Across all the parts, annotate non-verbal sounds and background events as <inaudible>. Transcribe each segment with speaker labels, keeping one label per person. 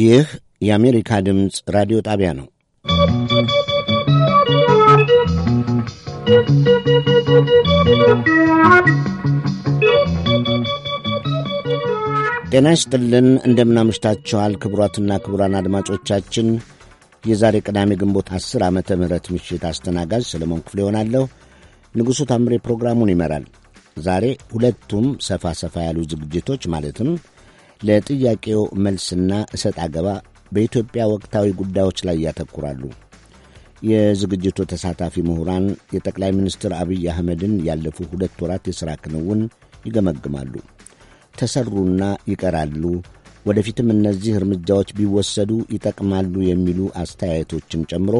Speaker 1: ይህ የአሜሪካ ድምፅ ራዲዮ ጣቢያ ነው። ጤና ይስጥልን፣ እንደምናምሽታችኋል ክቡራትና ክቡራን አድማጮቻችን የዛሬ ቅዳሜ ግንቦት 10 ዓመተ ምህረት ምሽት አስተናጋጅ ሰለሞን ክፍሌ ይሆናለሁ። ንጉሡ ታምሬ ፕሮግራሙን ይመራል። ዛሬ ሁለቱም ሰፋ ሰፋ ያሉ ዝግጅቶች ማለትም ለጥያቄው መልስና እሰጥ አገባ በኢትዮጵያ ወቅታዊ ጉዳዮች ላይ ያተኩራሉ። የዝግጅቱ ተሳታፊ ምሁራን የጠቅላይ ሚኒስትር አብይ አህመድን ያለፉ ሁለት ወራት የሥራ ክንውን ይገመግማሉ። ተሰሩና ይቀራሉ፣ ወደፊትም እነዚህ እርምጃዎች ቢወሰዱ ይጠቅማሉ የሚሉ አስተያየቶችን ጨምሮ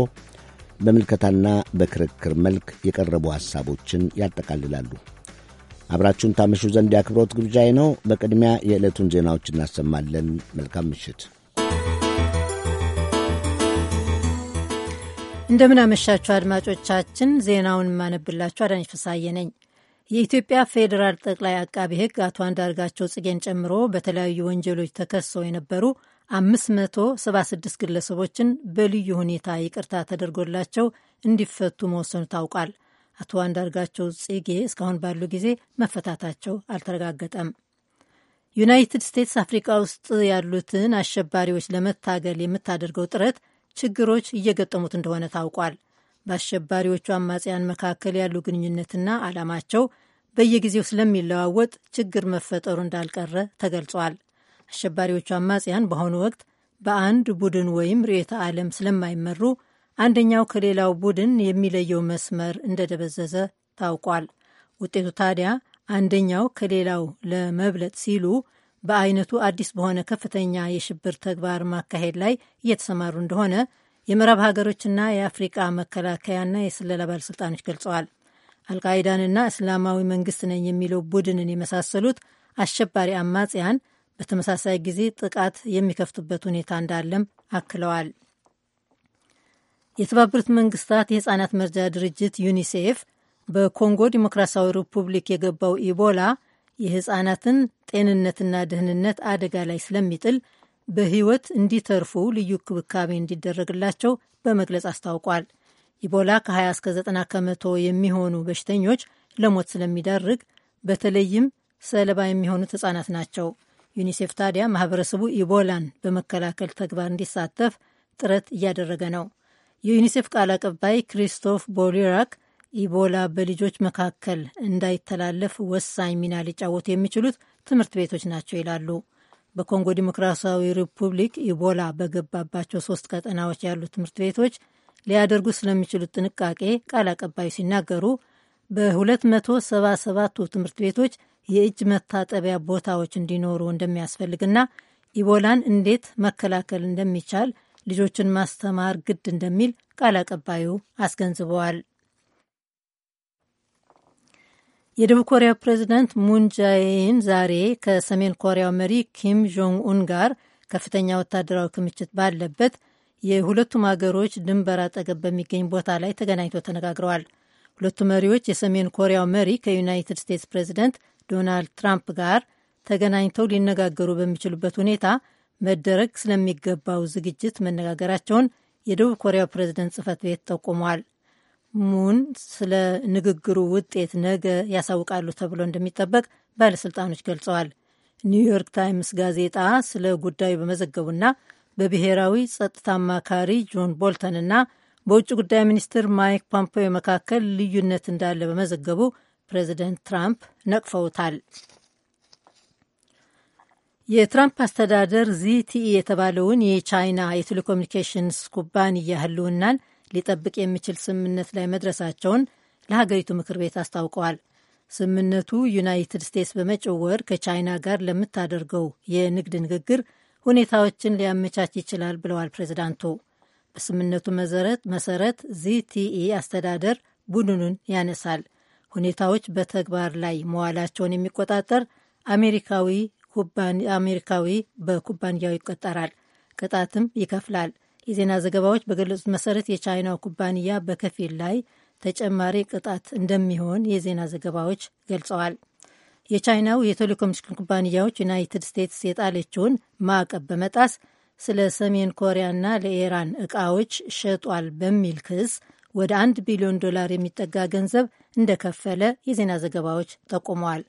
Speaker 1: በምልከታና በክርክር መልክ የቀረቡ ሐሳቦችን ያጠቃልላሉ። አብራችሁን ታመሹ ዘንድ የአክብሮት ግብዣዬ ነው። በቅድሚያ የዕለቱን ዜናዎች እናሰማለን። መልካም ምሽት።
Speaker 2: እንደምናመሻችሁ አድማጮቻችን፣ ዜናውን የማነብላችሁ አዳነች ፍሳዬ ነኝ። የኢትዮጵያ ፌዴራል ጠቅላይ አቃቢ ሕግ አቶ አንዳርጋቸው ጽጌን ጨምሮ በተለያዩ ወንጀሎች ተከሰው የነበሩ 576 ግለሰቦችን በልዩ ሁኔታ ይቅርታ ተደርጎላቸው እንዲፈቱ መወሰኑ ታውቋል። አቶ አንዳርጋቸው ጽጌ እስካሁን ባሉ ጊዜ መፈታታቸው አልተረጋገጠም። ዩናይትድ ስቴትስ አፍሪካ ውስጥ ያሉትን አሸባሪዎች ለመታገል የምታደርገው ጥረት ችግሮች እየገጠሙት እንደሆነ ታውቋል። በአሸባሪዎቹ አማጽያን መካከል ያሉ ግንኙነትና ዓላማቸው በየጊዜው ስለሚለዋወጥ ችግር መፈጠሩ እንዳልቀረ ተገልጿል። አሸባሪዎቹ አማጽያን በአሁኑ ወቅት በአንድ ቡድን ወይም ርዕዮተ ዓለም ስለማይመሩ አንደኛው ከሌላው ቡድን የሚለየው መስመር እንደደበዘዘ ታውቋል። ውጤቱ ታዲያ አንደኛው ከሌላው ለመብለጥ ሲሉ በአይነቱ አዲስ በሆነ ከፍተኛ የሽብር ተግባር ማካሄድ ላይ እየተሰማሩ እንደሆነ የምዕራብ ሀገሮችና የአፍሪቃ መከላከያና የስለላ ባለሥልጣኖች ገልጸዋል። አልቃይዳንና እስላማዊ መንግስት ነኝ የሚለው ቡድንን የመሳሰሉት አሸባሪ አማጽያን በተመሳሳይ ጊዜ ጥቃት የሚከፍቱበት ሁኔታ እንዳለም አክለዋል። የተባበሩት መንግስታት የህፃናት መርጃ ድርጅት ዩኒሴፍ በኮንጎ ዲሞክራሲያዊ ሪፑብሊክ የገባው ኢቦላ የህፃናትን ጤንነትና ደህንነት አደጋ ላይ ስለሚጥል በህይወት እንዲተርፉ ልዩ ክብካቤ እንዲደረግላቸው በመግለጽ አስታውቋል። ኢቦላ ከ20 እስከ 90 ከመቶ የሚሆኑ በሽተኞች ለሞት ስለሚዳርግ በተለይም ሰለባ የሚሆኑት ህጻናት ናቸው። ዩኒሴፍ ታዲያ ማህበረሰቡ ኢቦላን በመከላከል ተግባር እንዲሳተፍ ጥረት እያደረገ ነው። የዩኒሴፍ ቃል አቀባይ ክሪስቶፍ ቦሊራክ ኢቦላ በልጆች መካከል እንዳይተላለፍ ወሳኝ ሚና ሊጫወቱ የሚችሉት ትምህርት ቤቶች ናቸው ይላሉ። በኮንጎ ዲሞክራሲያዊ ሪፑብሊክ ኢቦላ በገባባቸው ሶስት ቀጠናዎች ያሉ ትምህርት ቤቶች ሊያደርጉ ስለሚችሉት ጥንቃቄ ቃል አቀባዩ ሲናገሩ በ277ቱ ትምህርት ቤቶች የእጅ መታጠቢያ ቦታዎች እንዲኖሩ እንደሚያስፈልግና ኢቦላን እንዴት መከላከል እንደሚቻል ልጆችን ማስተማር ግድ እንደሚል ቃል አቀባዩ አስገንዝበዋል። የደቡብ ኮሪያ ፕሬዚዳንት ሙንጃይን ዛሬ ከሰሜን ኮሪያው መሪ ኪም ጆንግ ኡን ጋር ከፍተኛ ወታደራዊ ክምችት ባለበት የሁለቱም ሀገሮች ድንበር አጠገብ በሚገኝ ቦታ ላይ ተገናኝቶ ተነጋግረዋል። ሁለቱ መሪዎች የሰሜን ኮሪያው መሪ ከዩናይትድ ስቴትስ ፕሬዚደንት ዶናልድ ትራምፕ ጋር ተገናኝተው ሊነጋገሩ በሚችሉበት ሁኔታ መደረግ ስለሚገባው ዝግጅት መነጋገራቸውን የደቡብ ኮሪያ ፕሬዝደንት ጽህፈት ቤት ጠቁሟል። ሙን ስለ ንግግሩ ውጤት ነገ ያሳውቃሉ ተብሎ እንደሚጠበቅ ባለሥልጣኖች ገልጸዋል። ኒውዮርክ ታይምስ ጋዜጣ ስለ ጉዳዩ በመዘገቡና በብሔራዊ ጸጥታ አማካሪ ጆን ቦልተን እና በውጭ ጉዳይ ሚኒስትር ማይክ ፖምፔዮ መካከል ልዩነት እንዳለ በመዘገቡ ፕሬዚደንት ትራምፕ ነቅፈውታል። የትራምፕ አስተዳደር ዚቲኢ የተባለውን የቻይና የቴሌኮሙኒኬሽንስ ኩባንያ ህልውናን ሊጠብቅ የሚችል ስምምነት ላይ መድረሳቸውን ለሀገሪቱ ምክር ቤት አስታውቀዋል። ስምምነቱ ዩናይትድ ስቴትስ በመጪው ወር ከቻይና ጋር ለምታደርገው የንግድ ንግግር ሁኔታዎችን ሊያመቻች ይችላል ብለዋል ፕሬዚዳንቱ። በስምምነቱ መሰረት ዚቲኢ አስተዳደር ቡድኑን ያነሳል፣ ሁኔታዎች በተግባር ላይ መዋላቸውን የሚቆጣጠር አሜሪካዊ አሜሪካዊ በኩባንያው ይቆጠራል፣ ቅጣትም ይከፍላል። የዜና ዘገባዎች በገለጹት መሰረት የቻይናው ኩባንያ በከፊል ላይ ተጨማሪ ቅጣት እንደሚሆን የዜና ዘገባዎች ገልጸዋል። የቻይናው የቴሌኮሙኒኬሽን ኩባንያዎች ዩናይትድ ስቴትስ የጣለችውን ማዕቀብ በመጣስ ስለ ሰሜን ኮሪያና ለኢራን እቃዎች ሸጧል በሚል ክስ ወደ አንድ ቢሊዮን ዶላር የሚጠጋ ገንዘብ እንደከፈለ የዜና ዘገባዎች ጠቁመዋል።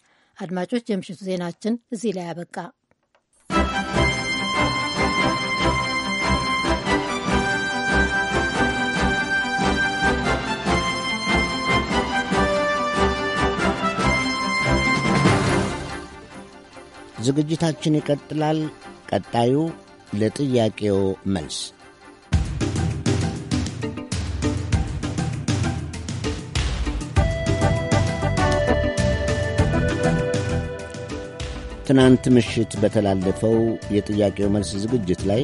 Speaker 2: አድማጮች፣ የምሽቱ ዜናችን እዚህ ላይ አበቃ።
Speaker 1: ዝግጅታችን ይቀጥላል። ቀጣዩ ለጥያቄው መልስ ትናንት ምሽት በተላለፈው የጥያቄው መልስ ዝግጅት ላይ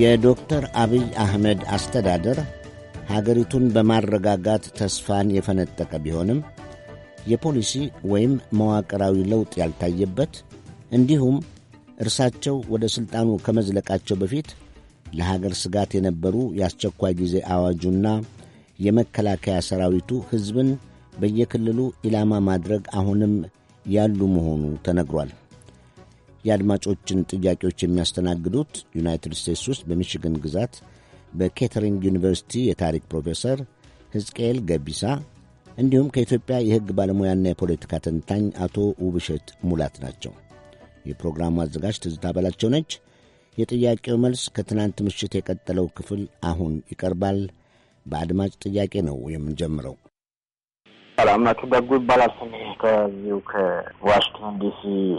Speaker 1: የዶክተር አብይ አህመድ አስተዳደር ሀገሪቱን በማረጋጋት ተስፋን የፈነጠቀ ቢሆንም የፖሊሲ ወይም መዋቅራዊ ለውጥ ያልታየበት እንዲሁም እርሳቸው ወደ ሥልጣኑ ከመዝለቃቸው በፊት ለሀገር ስጋት የነበሩ የአስቸኳይ ጊዜ አዋጁና የመከላከያ ሰራዊቱ ሕዝብን በየክልሉ ኢላማ ማድረግ አሁንም ያሉ መሆኑ ተነግሯል። የአድማጮችን ጥያቄዎች የሚያስተናግዱት ዩናይትድ ስቴትስ ውስጥ በሚሽገን ግዛት በኬተሪንግ ዩኒቨርሲቲ የታሪክ ፕሮፌሰር ሕዝቅኤል ገቢሳ እንዲሁም ከኢትዮጵያ የሕግ ባለሙያና የፖለቲካ ተንታኝ አቶ ውብሸት ሙላት ናቸው። የፕሮግራሙ አዘጋጅ ትዝታ በላቸው ነች። የጥያቄው መልስ ከትናንት ምሽት የቀጠለው ክፍል አሁን ይቀርባል። በአድማጭ ጥያቄ ነው የምንጀምረው።
Speaker 3: ሰላም ናችሁ? ደጉ ይባላል ስሜ። ከዚሁ ከዋሽንግተን ዲሲ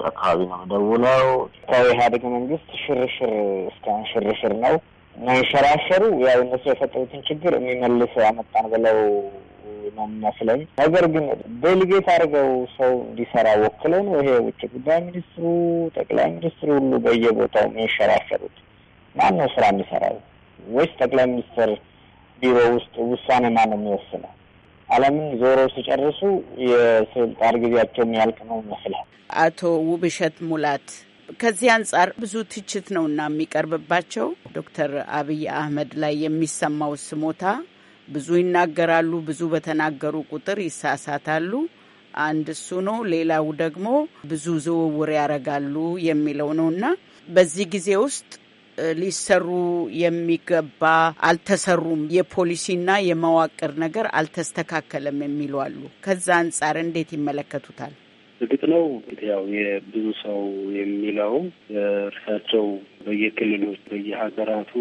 Speaker 3: አካባቢ ነው የምደውለው። ከኢህአዴግ መንግስት ሽርሽር እስካሁን ሽርሽር ነው መንሸራሸሩ። ያው እነሱ የፈጠሩትን ችግር የሚመልስ ያመጣን ብለው ነው የሚመስለኝ። ነገር ግን ዴሊጌት አድርገው ሰው እንዲሰራ ወክለው ነው ይሄ ውጭ ጉዳይ ሚኒስትሩ፣ ጠቅላይ ሚኒስትሩ ሁሉ በየቦታው የሚንሸራሸሩት። ማን ነው ስራ የሚሰራው? ወይስ ጠቅላይ ሚኒስትር ቢሮ ውስጥ ውሳኔ ማን ነው የሚወስነው? ዓለምን ዞሮ ሲጨርሱ የስልጣን ጊዜያቸው ያልቅ
Speaker 4: ነው ይመስላል። አቶ ውብሸት ሙላት ከዚህ አንጻር ብዙ ትችት ነውና የሚቀርብባቸው ዶክተር አብይ አህመድ ላይ የሚሰማው ስሞታ ብዙ ይናገራሉ። ብዙ በተናገሩ ቁጥር ይሳሳታሉ። አንድ እሱ ነው። ሌላው ደግሞ ብዙ ዝውውር ያደርጋሉ የሚለው ነው እና በዚህ ጊዜ ውስጥ ሊሰሩ የሚገባ አልተሰሩም፣ የፖሊሲና የመዋቅር ነገር አልተስተካከለም የሚሉ አሉ። ከዛ አንጻር እንዴት ይመለከቱታል?
Speaker 5: እርግጥ ነው ያው የብዙ ሰው የሚለው እርሳቸው ውስጥ በየሀገራቱ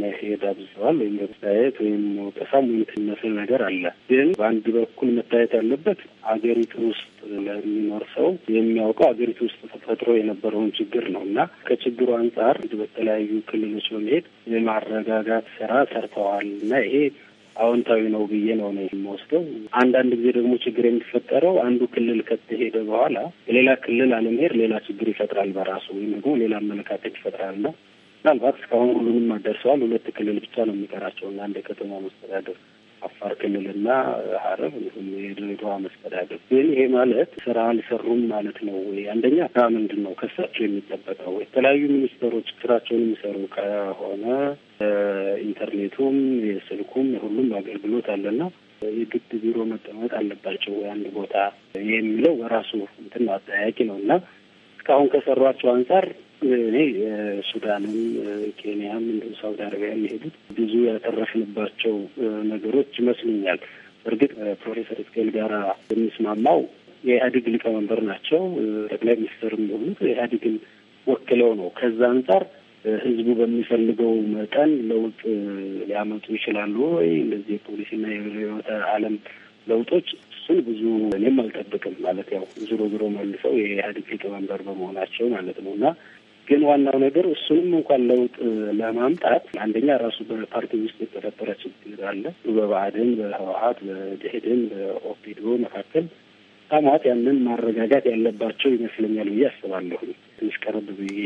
Speaker 5: መሄድ አብዝተዋል። ወይም መታየት ወይም መውቀሳም የሚመስል ነገር አለ። ግን በአንድ በኩል መታየት ያለበት ሀገሪቱ ውስጥ ለሚኖር ሰው የሚያውቀው ሀገሪቱ ውስጥ ተፈጥሮ የነበረውን ችግር ነው እና ከችግሩ አንጻር በተለያዩ ክልሎች በመሄድ የማረጋጋት ስራ ሰርተዋል እና ይሄ አዎንታዊ ነው ብዬ ነው ነው የምወስደው። አንዳንድ ጊዜ ደግሞ ችግር የሚፈጠረው አንዱ ክልል ከተሄደ በኋላ ሌላ ክልል አለመሄድ ሌላ ችግር ይፈጥራል በራሱ ወይም ደግሞ ሌላ አመለካከት ይፈጥራልና ምናልባት እስካሁን ሁሉንም አደርሰዋል። ሁለት ክልል ብቻ ነው የሚቀራቸውና አንድ የከተማ መስተዳደር አፋር ክልልና ሀረር እንዲሁም የድሬዳዋ መስተዳደር ግን ይሄ ማለት ስራ አልሰሩም ማለት ነው ወይ? አንደኛ ምንድን ነው ከሳቸው የሚጠበቀው? የተለያዩ ሚኒስተሮች ስራቸውን የሚሰሩ ከሆነ ኢንተርኔቱም የስልኩም የሁሉም አገልግሎት አለና የግድ ቢሮ መቀመጥ አለባቸው ወይ አንድ ቦታ የሚለው በራሱ እንትን አጠያቂ ነው እና እስካሁን ከሰሯቸው አንጻር እኔ ሱዳንም ኬንያም እንዲሁም ሳውዲ አረቢያ የሄዱት ብዙ ያተረፍንባቸው ነገሮች ይመስሉኛል። እርግጥ ፕሮፌሰር እስኬል ጋራ የሚስማማው የኢህአዴግ ሊቀመንበር ናቸው። ጠቅላይ ሚኒስትርም የሆኑት ኢህአዴግን ወክለው ነው። ከዛ አንጻር ህዝቡ በሚፈልገው መጠን ለውጥ ሊያመጡ ይችላሉ ወይ? እንደዚህ የፖሊሲና የህይወት ዓለም ለውጦች እነሱን ብዙ እኔም አልጠብቅም ማለት ያው ዝሮ ዝሮ መልሰው የኢህአዴግ ሊቀመንበር በመሆናቸው ማለት ነው እና ግን ዋናው ነገር እሱንም እንኳን ለውጥ ለማምጣት አንደኛ ራሱ በፓርቲ ውስጥ የተፈጠረ ችግር አለ። በብአዴን፣ በህወሀት፣ በድህድን፣ በኦፒዶ መካከል ታማት ያንን ማረጋጋት ያለባቸው ይመስለኛል ብዬ አስባለሁ። ትንሽ ቀረብ ብዬ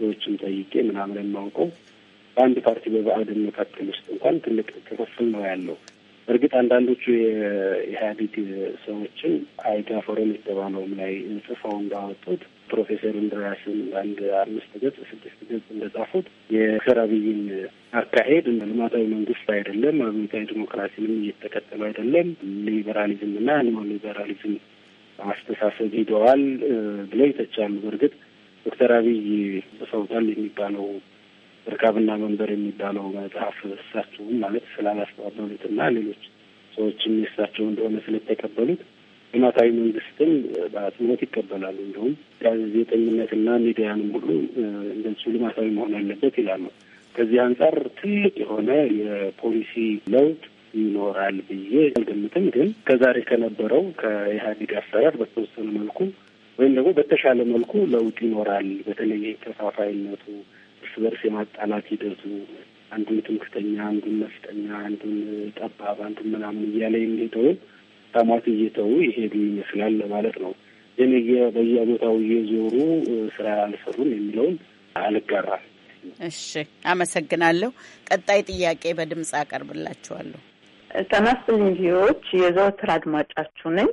Speaker 5: ሰዎችም ጠይቄ ምናምን የማውቀው በአንድ ፓርቲ በብአዴን መካከል ውስጥ እንኳን ትልቅ ክፍፍል ነው ያለው። እርግጥ አንዳንዶቹ የኢህአዴግ ሰዎችን አይጋ ፎረም የተባለውም ላይ ጽፈው እንዳወጡት ፕሮፌሰር እንደራስን አንድ አምስት ገጽ ስድስት ገጽ እንደጻፉት የዶክተር አብይን አካሄድ ልማታዊ መንግስት አይደለም፣ አብዮታዊ ዲሞክራሲንም እየተከተሉ አይደለም፣ ሊበራሊዝም እና ኒዮ ሊበራሊዝም አስተሳሰብ ሂደዋል ብለው ይተቻሉ። በእርግጥ ዶክተር አብይ ጽፈውታል የሚባለው እርካብና መንበር የሚባለው መጽሐፍ እሳቸውን ማለት ስላላስተባበሉት እና ሌሎች ሰዎችም የእሳቸው እንደሆነ ስለተቀበሉት ልማታዊ መንግስትን በአጽንኦት ይቀበላሉ። እንዲሁም ጋዜጠኝነትና ሚዲያንም ሁሉ እንደሱ ልማታዊ መሆን አለበት ይላሉ። ከዚህ አንጻር ትልቅ የሆነ የፖሊሲ ለውጥ ይኖራል ብዬ አልገምትም። ግን ከዛሬ ከነበረው ከኢህአዴግ አሰራር በተወሰነ መልኩ ወይም ደግሞ በተሻለ መልኩ ለውጥ ይኖራል። በተለይ ከፋፋይነቱ በርስ የማጣላት ሂደቱ አንዱን ትምክተኛ፣ አንዱን ነፍጠኛ፣ አንዱን ጠባብ፣ አንዱን ምናምን እያለ የሚሄደውን ተማት እየተዉ ይሄዱ ይመስላል ማለት ነው። ግን በየቦታው እየዞሩ ስራ አልሰሩም የሚለውን አልጋራ።
Speaker 4: እሺ፣ አመሰግናለሁ። ቀጣይ ጥያቄ በድምፅ አቀርብላችኋለሁ። ጠናስልኝ ቪዎች የዘወትር አድማጫችሁ ነኝ።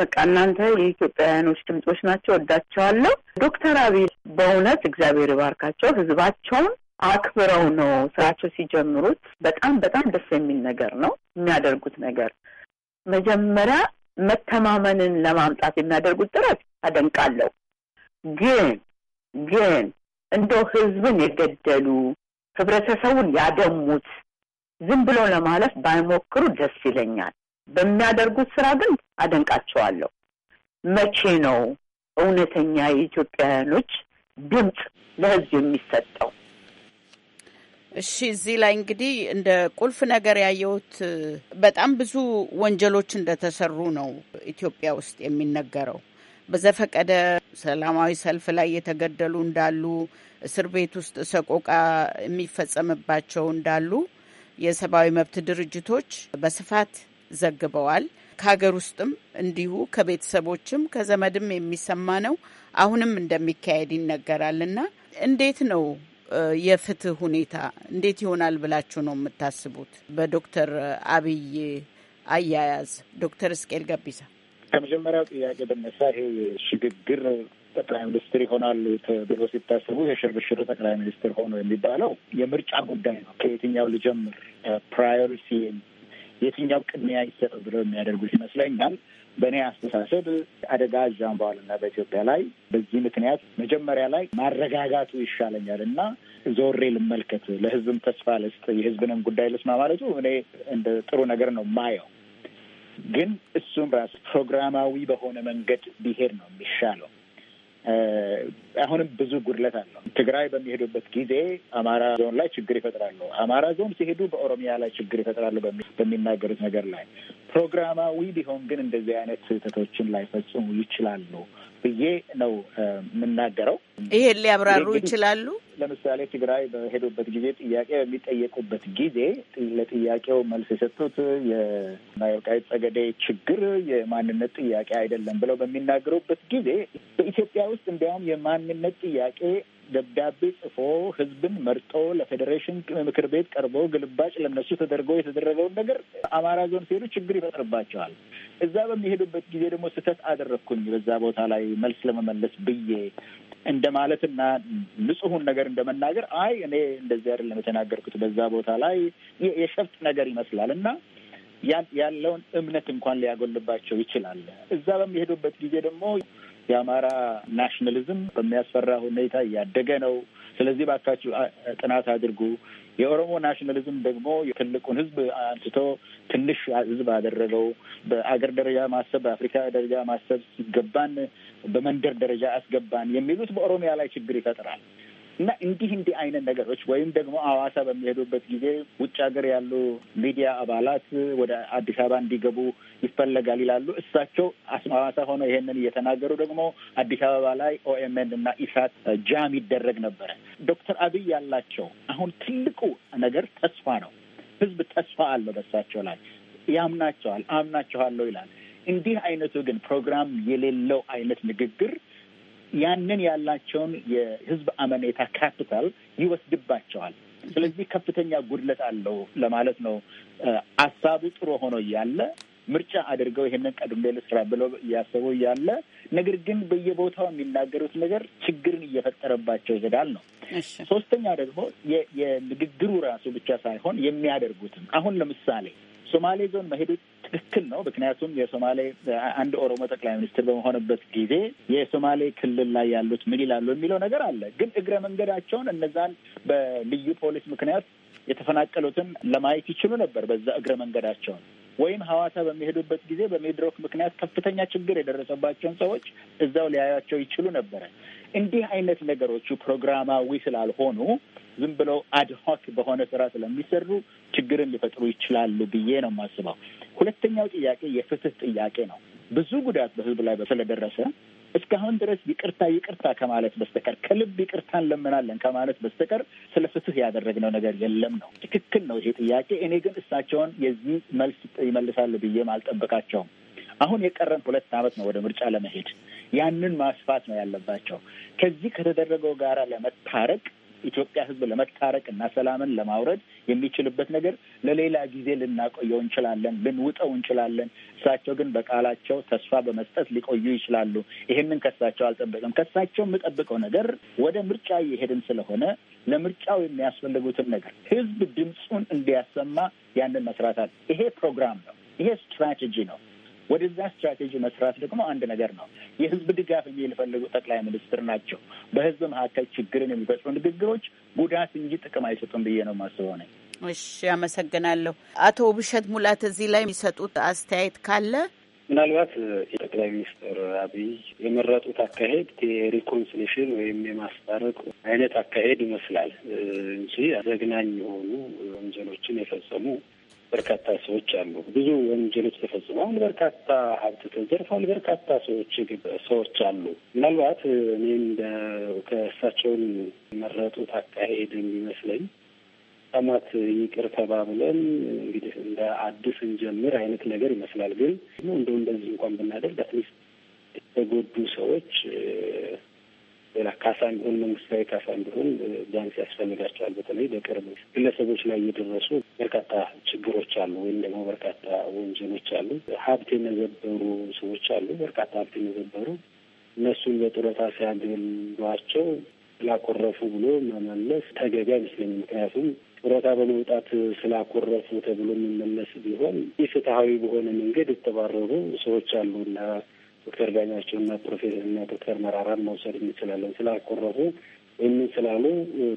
Speaker 4: በቃ እናንተ የኢትዮጵያውያኖች ድምጾች ናቸው፣ ወዳቸዋለሁ። ዶክተር አብይ በእውነት እግዚአብሔር ይባርካቸው። ህዝባቸውን አክብረው ነው ስራቸው ሲጀምሩት። በጣም በጣም ደስ የሚል ነገር ነው የሚያደርጉት ነገር። መጀመሪያ መተማመንን ለማምጣት የሚያደርጉት ጥረት አደንቃለሁ።
Speaker 3: ግን ግን እንደው ህዝብን የገደሉ ህብረተሰቡን ያደሙት ዝም ብሎ ለማለፍ ባይሞክሩ ደስ ይለኛል። በሚያደርጉት ስራ ግን አደንቃቸዋለሁ። መቼ ነው እውነተኛ የኢትዮጵያውያኖች ድምፅ ለህዝብ የሚሰጠው?
Speaker 4: እሺ እዚህ ላይ እንግዲህ እንደ ቁልፍ ነገር ያየሁት በጣም ብዙ ወንጀሎች እንደተሰሩ ነው ኢትዮጵያ ውስጥ የሚነገረው። በዘፈቀደ ሰላማዊ ሰልፍ ላይ የተገደሉ እንዳሉ፣ እስር ቤት ውስጥ ሰቆቃ የሚፈጸምባቸው እንዳሉ የሰብአዊ መብት ድርጅቶች በስፋት ዘግበዋል። ከሀገር ውስጥም እንዲሁ ከቤተሰቦችም ከዘመድም የሚሰማ ነው። አሁንም እንደሚካሄድ ይነገራል። እና እንዴት ነው የፍትህ ሁኔታ እንዴት ይሆናል ብላችሁ ነው የምታስቡት? በዶክተር አብይ አያያዝ ዶክተር እስቄል ገቢሳ
Speaker 6: ከመጀመሪያው ጥያቄ በነሳ ይሄ ሽግግር ጠቅላይ ሚኒስትር ይሆናሉ ተብሎ ሲታስቡ የሽርብሽር ጠቅላይ ሚኒስትር ሆኖ የሚባለው የምርጫ ጉዳይ ነው። ከየትኛው ልጀምር ፕራዮሪቲ የትኛው ቅድሚያ ይሰጥ ብለው የሚያደርጉት ይመስለኛል። በእኔ አስተሳሰብ አደጋ እዛም በኋላና በኢትዮጵያ ላይ በዚህ ምክንያት መጀመሪያ ላይ ማረጋጋቱ ይሻለኛል እና ዞሬ ልመልከት፣ ለህዝብም ተስፋ ልስጥ፣ የህዝብንም ጉዳይ ልስማ ማለቱ እኔ እንደ ጥሩ ነገር ነው ማየው። ግን እሱም ራሱ ፕሮግራማዊ በሆነ መንገድ ቢሄድ ነው የሚሻለው። አሁንም ብዙ ጉድለት አለው። ትግራይ በሚሄዱበት ጊዜ አማራ ዞን ላይ ችግር ይፈጥራሉ፣ አማራ ዞን ሲሄዱ በኦሮሚያ ላይ ችግር ይፈጥራሉ በሚናገሩት ነገር ላይ ፕሮግራማዊ ቢሆን ግን እንደዚህ አይነት ስህተቶችን ላይፈጽሙ ይችላሉ። ብዬ ነው የምናገረው። ይሄን ሊያብራሩ ይችላሉ። ለምሳሌ ትግራይ በሄዱበት ጊዜ ጥያቄ በሚጠየቁበት ጊዜ ለጥያቄው መልስ የሰጡት የወልቃይት ጸገዴ ችግር የማንነት ጥያቄ አይደለም ብለው በሚናገሩበት ጊዜ በኢትዮጵያ ውስጥ እንዲያውም የማንነት ጥያቄ ደብዳቤ ጽፎ ህዝብን መርጦ ለፌዴሬሽን ምክር ቤት ቀርቦ ግልባጭ ለነሱ ተደርጎ የተደረገውን ነገር አማራ ዞን ሲሄዱ ችግር ይፈጥርባቸዋል። እዛ በሚሄዱበት ጊዜ ደግሞ ስህተት አደረግኩኝ በዛ ቦታ ላይ መልስ ለመመለስ ብዬ እንደ ማለትና ንጹሁን ነገር እንደ መናገር አይ እኔ እንደዚህ አይደለም የተናገርኩት በዛ ቦታ ላይ የሸፍጥ ነገር ይመስላል እና ያለውን እምነት እንኳን ሊያጎልባቸው ይችላል። እዛ በሚሄዱበት ጊዜ ደግሞ የአማራ ናሽናሊዝም በሚያስፈራ ሁኔታ እያደገ ነው። ስለዚህ ባካችሁ ጥናት አድርጉ። የኦሮሞ ናሽናሊዝም ደግሞ ትልቁን ህዝብ አንስቶ ትንሽ ህዝብ አደረገው። በአገር ደረጃ ማሰብ፣ በአፍሪካ ደረጃ ማሰብ ሲገባን በመንደር ደረጃ አስገባን የሚሉት በኦሮሚያ ላይ ችግር ይፈጥራል። እና እንዲህ እንዲህ አይነት ነገሮች ወይም ደግሞ አዋሳ በሚሄዱበት ጊዜ ውጭ ሀገር ያሉ ሚዲያ አባላት ወደ አዲስ አበባ እንዲገቡ ይፈለጋል ይላሉ። እሳቸው አዋሳ ሆነው ይሄንን እየተናገሩ ደግሞ አዲስ አበባ ላይ ኦኤምኤን እና ኢሳት ጃም ይደረግ ነበረ። ዶክተር አብይ ያላቸው አሁን ትልቁ ነገር ተስፋ ነው። ህዝብ ተስፋ አለው በእሳቸው ላይ ያምናቸዋል፣ አምናቸዋለሁ ይላል። እንዲህ አይነቱ ግን ፕሮግራም የሌለው አይነት ንግግር ያንን ያላቸውን የህዝብ አመኔታ ካፒታል ይወስድባቸዋል። ስለዚህ ከፍተኛ ጉድለት አለው ለማለት ነው። አሳቡ ጥሩ ሆኖ እያለ ምርጫ አድርገው ይሄንን ቀድሜ ልስራ ብለው እያሰቡ እያለ ነገር ግን በየቦታው የሚናገሩት ነገር ችግርን እየፈጠረባቸው ይሄዳል ነው። ሶስተኛ ደግሞ የንግግሩ ራሱ ብቻ ሳይሆን የሚያደርጉትም አሁን ለምሳሌ ሶማሌ ዞን መሄዱ ትክክል ነው። ምክንያቱም የሶማሌ አንድ ኦሮሞ ጠቅላይ ሚኒስትር በመሆንበት ጊዜ የሶማሌ ክልል ላይ ያሉት ምን ይላሉ የሚለው ነገር አለ። ግን እግረ መንገዳቸውን እነዛን በልዩ ፖሊስ ምክንያት የተፈናቀሉትን ለማየት ይችሉ ነበር በዛ እግረ መንገዳቸውን ወይም ሀዋሳ በሚሄዱበት ጊዜ በሜድሮክ ምክንያት ከፍተኛ ችግር የደረሰባቸውን ሰዎች እዛው ሊያያቸው ይችሉ ነበረ። እንዲህ አይነት ነገሮቹ ፕሮግራማዊ ስላልሆኑ ዝም ብለው አድሆክ በሆነ ስራ ስለሚሰሩ ችግርን ሊፈጥሩ ይችላሉ ብዬ ነው የማስበው። ሁለተኛው ጥያቄ የፍትህ ጥያቄ ነው። ብዙ ጉዳት በህዝብ ላይ ስለደረሰ እስካሁን ድረስ ይቅርታ ይቅርታ ከማለት በስተቀር ከልብ ይቅርታ እንለምናለን ከማለት በስተቀር ስለ ፍትህ ያደረግነው ነገር የለም ነው። ትክክል ነው ይሄ ጥያቄ። እኔ ግን እሳቸውን የዚህ መልስ ይመልሳሉ ብዬም አልጠብቃቸውም። አሁን የቀረን ሁለት ዓመት ነው ወደ ምርጫ ለመሄድ። ያንን ማስፋት ነው ያለባቸው። ከዚህ ከተደረገው ጋራ ለመታረቅ ኢትዮጵያ ህዝብ ለመታረቅ እና ሰላምን ለማውረድ የሚችልበት ነገር ለሌላ ጊዜ ልናቆየው እንችላለን፣ ልንውጠው እንችላለን። እሳቸው ግን በቃላቸው ተስፋ በመስጠት ሊቆዩ ይችላሉ። ይህንን ከሳቸው አልጠበቅም። ከሳቸው የምጠብቀው ነገር ወደ ምርጫ እየሄድን ስለሆነ ለምርጫው የሚያስፈልጉትን ነገር ህዝብ ድምፁን እንዲያሰማ ያንን መስራታል። ይሄ ፕሮግራም ነው። ይሄ ስትራቴጂ ነው። ወደዛ ስትራቴጂ መስራት ደግሞ አንድ ነገር ነው። የህዝብ ድጋፍ የሚፈልጉ ጠቅላይ ሚኒስትር ናቸው። በህዝብ መካከል ችግርን የሚፈጽሙ ንግግሮች ጉዳት እንጂ ጥቅም አይሰጡም ብዬ ነው የማስበው
Speaker 5: ነኝ።
Speaker 4: እሺ፣ አመሰግናለሁ። አቶ ውብሸት ሙላት እዚህ ላይ የሚሰጡት አስተያየት ካለ
Speaker 5: ምናልባት ጠቅላይ ሚኒስትር አብይ የመረጡት አካሄድ የሪኮንሲሌሽን ወይም የማስታረቅ አይነት አካሄድ ይመስላል እንጂ ዘግናኝ የሆኑ ወንጀሎችን የፈጸሙ በርካታ ሰዎች አሉ። ብዙ ወንጀሎች ተፈጽመዋል። በርካታ ሀብት ተዘርፏል። በርካታ ሰዎች ሰዎች አሉ። ምናልባት እኔም ከእሳቸውን መረጡት አካሄድ የሚመስለኝ ህጻናት ይቅር ተባብለን እንግዲህ እንደ አዲስ እንጀምር አይነት ነገር ይመስላል። ግን እንደው እንደዚህ እንኳን ብናደርግ አትሊስት የተጎዱ ሰዎች ሌላ ካሳ እንዲሆን መንግስታዊ ካሳ እንዲሆን ቢያንስ ያስፈልጋቸዋል። በተለይ በቅርብ ግለሰቦች ላይ እየደረሱ በርካታ ችግሮች አሉ፣ ወይም ደግሞ በርካታ ወንጀሎች አሉ። ሀብት የመዘበሩ ሰዎች አሉ፣ በርካታ ሀብት የመዘበሩ እነሱን በጡረታ ሲያገሏቸው ስላኮረፉ ብሎ መመለስ ተገቢ አይመስለኝም። ምክንያቱም ጡረታ በመውጣት ስላኮረፉ ተብሎ የሚመለስ ቢሆን ኢፍትሐዊ በሆነ መንገድ የተባረሩ ሰዎች አሉ እና ዶክተር ዳኛቸውና እና ዶክተር መራራን መውሰድ እንችላለን ስላልቆረፉ ይህንን ስላሉ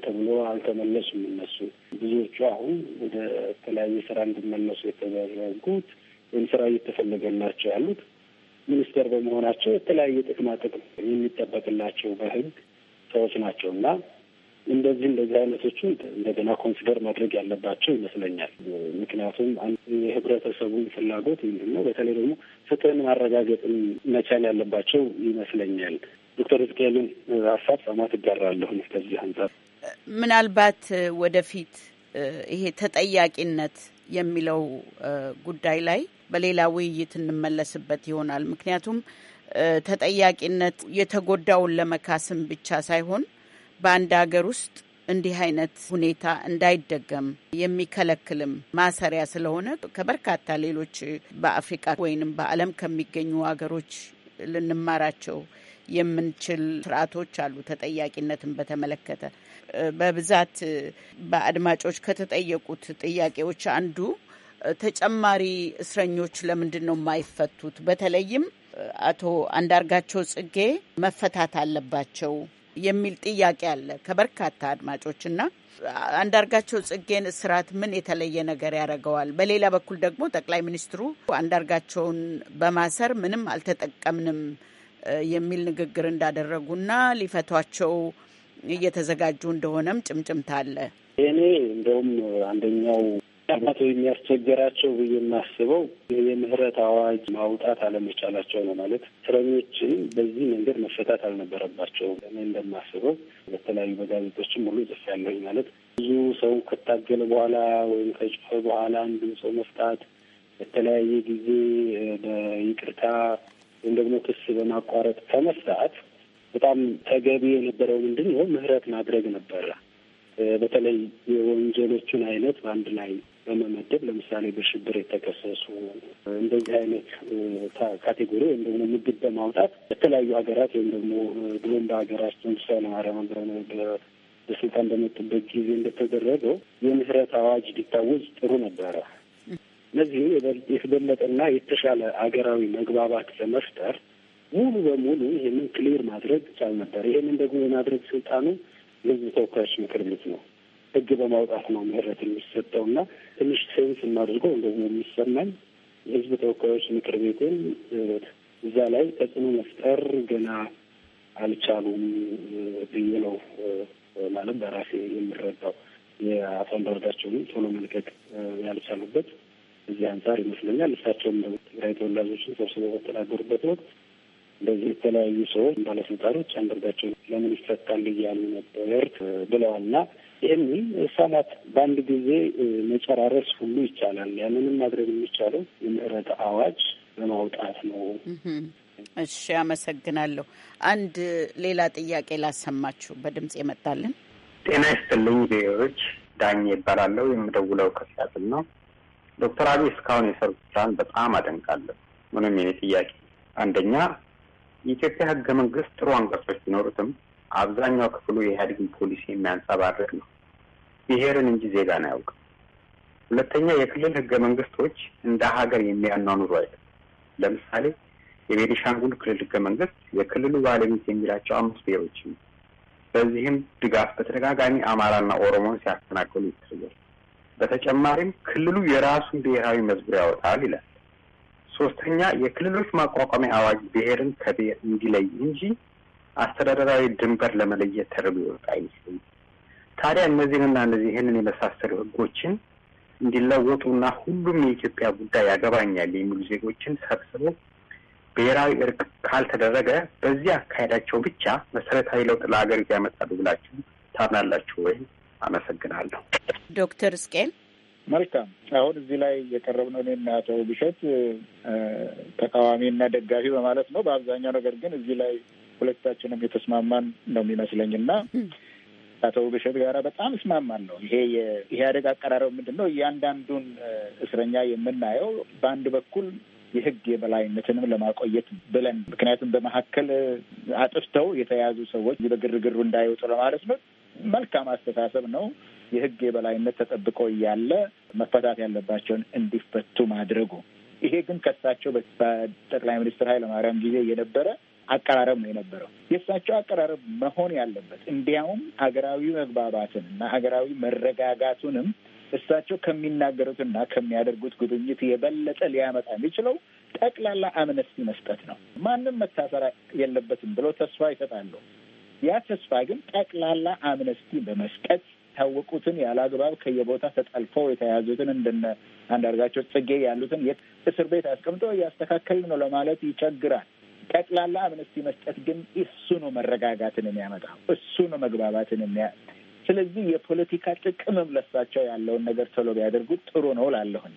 Speaker 5: ተብሎ አልተመለሱም። እነሱ ብዙዎቹ አሁን ወደ ተለያየ ስራ እንዲመለሱ የተደረጉት ወይም ስራ እየተፈለገላቸው ያሉት ሚኒስቴር በመሆናቸው የተለያየ ጥቅማ ጥቅም የሚጠበቅላቸው በህግ ሰዎች ናቸው እና እንደዚህ እንደዚህ አይነቶቹ እንደገና ኮንሲደር ማድረግ ያለባቸው ይመስለኛል። ምክንያቱም የህብረተሰቡን ፍላጎት ምንድን ነው በተለይ ደግሞ ፍትህን ማረጋገጥን መቻል ያለባቸው ይመስለኛል። ዶክተር ዝቅኤልን ሀሳብ ሰማት እጋራለሁ። ከዚህ አንጻር
Speaker 4: ምናልባት ወደፊት ይሄ ተጠያቂነት የሚለው ጉዳይ ላይ በሌላ ውይይት እንመለስበት ይሆናል። ምክንያቱም ተጠያቂነት የተጎዳውን ለመካስም ብቻ ሳይሆን በአንድ ሀገር ውስጥ እንዲህ አይነት ሁኔታ እንዳይደገም የሚከለክልም ማሰሪያ ስለሆነ ከበርካታ ሌሎች በአፍሪካ ወይንም በዓለም ከሚገኙ ሀገሮች ልንማራቸው የምንችል ስርዓቶች አሉ። ተጠያቂነትን በተመለከተ በብዛት በአድማጮች ከተጠየቁት ጥያቄዎች አንዱ ተጨማሪ እስረኞች ለምንድን ነው የማይፈቱት? በተለይም አቶ አንዳርጋቸው ጽጌ መፈታት አለባቸው የሚል ጥያቄ አለ ከበርካታ አድማጮች እና አንዳርጋቸው ጽጌን እስራት ምን የተለየ ነገር ያደርገዋል? በሌላ በኩል ደግሞ ጠቅላይ ሚኒስትሩ አንዳርጋቸውን በማሰር ምንም አልተጠቀምንም የሚል ንግግር እንዳደረጉና ሊፈቷቸው እየተዘጋጁ እንደሆነም ጭምጭምታ አለ።
Speaker 5: እኔ እንደውም አንደኛው ቀመቶ የሚያስቸግራቸው ብዬ የማስበው የምህረት አዋጅ ማውጣት አለመቻላቸው ነው። ማለት እስረኞችን በዚህ መንገድ መፈታት አልነበረባቸውም። እኔ እንደማስበው በተለያዩ በጋዜጦችም ሁሉ ጽፍ ያለሁኝ ማለት ብዙ ሰው ከታገለ በኋላ ወይም ከጮኸ በኋላ አንድም ሰው መፍታት በተለያየ ጊዜ በይቅርታ ወይም ደግሞ ክስ በማቋረጥ ከመፍታት በጣም ተገቢ የነበረው ምንድን ነው ምህረት ማድረግ ነበረ። በተለይ የወንጀሎቹን አይነት በአንድ ላይ በመመደብ ለምሳሌ በሽብር የተከሰሱ እንደዚህ አይነት ካቴጎሪ ወይም ደግሞ ምግብ በማውጣት በተለያዩ ሀገራት ወይም ደግሞ ብሎም በሀገራችን ምሳሌ ኃይለማርያም በስልጣን በመጡበት ጊዜ እንደተደረገው የምህረት አዋጅ ሊታወጅ ጥሩ ነበረ። እነዚህ የተበለጠና የተሻለ ሀገራዊ መግባባት ለመፍጠር ሙሉ በሙሉ ይህንን ክሊር ማድረግ ይቻል ነበር። ይህንን ደግሞ የማድረግ ስልጣኑ የህዝብ ተወካዮች ምክር ቤት ነው። ህግ በማውጣት ነው ምህረት የሚሰጠው እና ትንሽ ሴንስ እናድርገው እንደዚህ የሚሰማኝ የህዝብ ተወካዮች ምክር ቤትን እዛ ላይ ተጽዕኖ መፍጠር ገና አልቻሉም ብዬ ነው ማለት በራሴ የምረዳው። የአቶ አንዳርጋቸውንም ቶሎ መልቀቅ ያልቻሉበት እዚህ አንጻር ይመስለኛል። እሳቸውም ትግራይ ተወላጆችን ሰብስበው በተናገሩበት ወቅት እንደዚህ የተለያዩ ሰዎች ባለስልጣኖች አንዳርጋቸውን ለምን ይፈታል እያሉ ነበር ብለዋልና የሚል ህጻናት በአንድ ጊዜ መጨራረስ ሁሉ ይቻላል። ያንንም ማድረግ የሚቻለው የምህረት አዋጅ
Speaker 4: በማውጣት ነው። እሺ፣ አመሰግናለሁ። አንድ ሌላ ጥያቄ ላሰማችሁ በድምጽ የመጣልን።
Speaker 3: ጤና ይስጥልኝ ዜዎች ዳኝ ይባላለሁ። የምደውለው ከሲያትል ነው። ዶክተር አብይ እስካሁን የሰሩት ስራን በጣም አደንቃለሁ። ምንም የኔ ጥያቄ አንደኛ የኢትዮጵያ ህገ መንግስት ጥሩ አንቀጾች ቢኖሩትም አብዛኛው ክፍሉ የኢህአዴግን ፖሊሲ የሚያንጸባርቅ ነው። ብሔርን እንጂ ዜጋን አያውቅም። ሁለተኛ የክልል ህገ መንግስቶች እንደ ሀገር የሚያኗኑሩ አይደለም። ለምሳሌ የቤኒሻንጉል ክልል ህገ መንግስት የክልሉ ባለቤት የሚላቸው አምስት ነው። በዚህም ድጋፍ በተደጋጋሚ አማራና ኦሮሞን ሲያስተናግሉ ይታያል። በተጨማሪም ክልሉ የራሱን ብሔራዊ መዝሙር ያወጣል ይላል። ሶስተኛ የክልሎች ማቋቋሚያ አዋጅ ብሔርን ከብሔር እንዲለይ እንጂ አስተዳደራዊ ድንበር ለመለየት ተደርጎ የወጣ አይመስለኝም። ታዲያ እነዚህንና እነዚህ ይህንን የመሳሰሉ ህጎችን እንዲለወጡና ሁሉም የኢትዮጵያ ጉዳይ ያገባኛል የሚሉ ዜጎችን ሰብስቦ ብሔራዊ እርቅ ካልተደረገ በዚህ አካሄዳቸው ብቻ መሰረታዊ ለውጥ ለሀገሪቱ ያመጣሉ ብላችሁ ታምናላችሁ ወይም? አመሰግናለሁ።
Speaker 4: ዶክተር እስቄል
Speaker 6: መልካም። አሁን እዚህ ላይ የቀረብነው እኔና አቶ ብሸት እና ደጋፊ በማለት ነው በአብዛኛው ነገር ግን እዚህ ላይ ሁለታችንም የተስማማን ነው የሚመስለኝ እና አቶ ውብሸት ጋራ በጣም ነው። ይሄ የኢህአዴግ አቀራረብ ምንድን ነው? እያንዳንዱን እስረኛ የምናየው በአንድ በኩል የህግ የበላይነትንም ለማቆየት ብለን ምክንያቱም በመካከል አጥፍተው የተያዙ ሰዎች በግርግሩ እንዳይወጡ ለማለት ነው። መልካም አስተሳሰብ ነው። የህግ የበላይነት ተጠብቆ እያለ መፈታት ያለባቸውን እንዲፈቱ ማድረጉ ይሄ ግን ከሳቸው በጠቅላይ ሚኒስትር ኃይለማርያም ጊዜ የነበረ አቀራረብ ነው የነበረው። የእሳቸው አቀራረብ መሆን ያለበት እንዲያውም ሀገራዊ መግባባትን እና ሀገራዊ መረጋጋቱንም እሳቸው ከሚናገሩትና ከሚያደርጉት ጉብኝት የበለጠ ሊያመጣ የሚችለው ጠቅላላ አምነስቲ መስጠት ነው። ማንም መታሰር የለበትም ብሎ ተስፋ ይሰጣሉ። ያ ተስፋ ግን ጠቅላላ አምነስቲ በመስጠት ታወቁትን ያለ አግባብ ከየቦታ ተጠልፈው የተያዙትን እንደነ አንዳርጋቸው ጽጌ ያሉትን የት እስር ቤት አስቀምጦ እያስተካከልን ነው ለማለት ይቸግራል። ጠቅላላ አምነስቲ መስጠት ግን እሱ ነው መረጋጋትን የሚያመጣው፣ እሱ ነው መግባባትን የሚያ ስለዚህ የፖለቲካ ጥቅምም ለሳቸው ያለውን ነገር ቶሎ ቢያደርጉት ጥሩ ነው ላለሁን።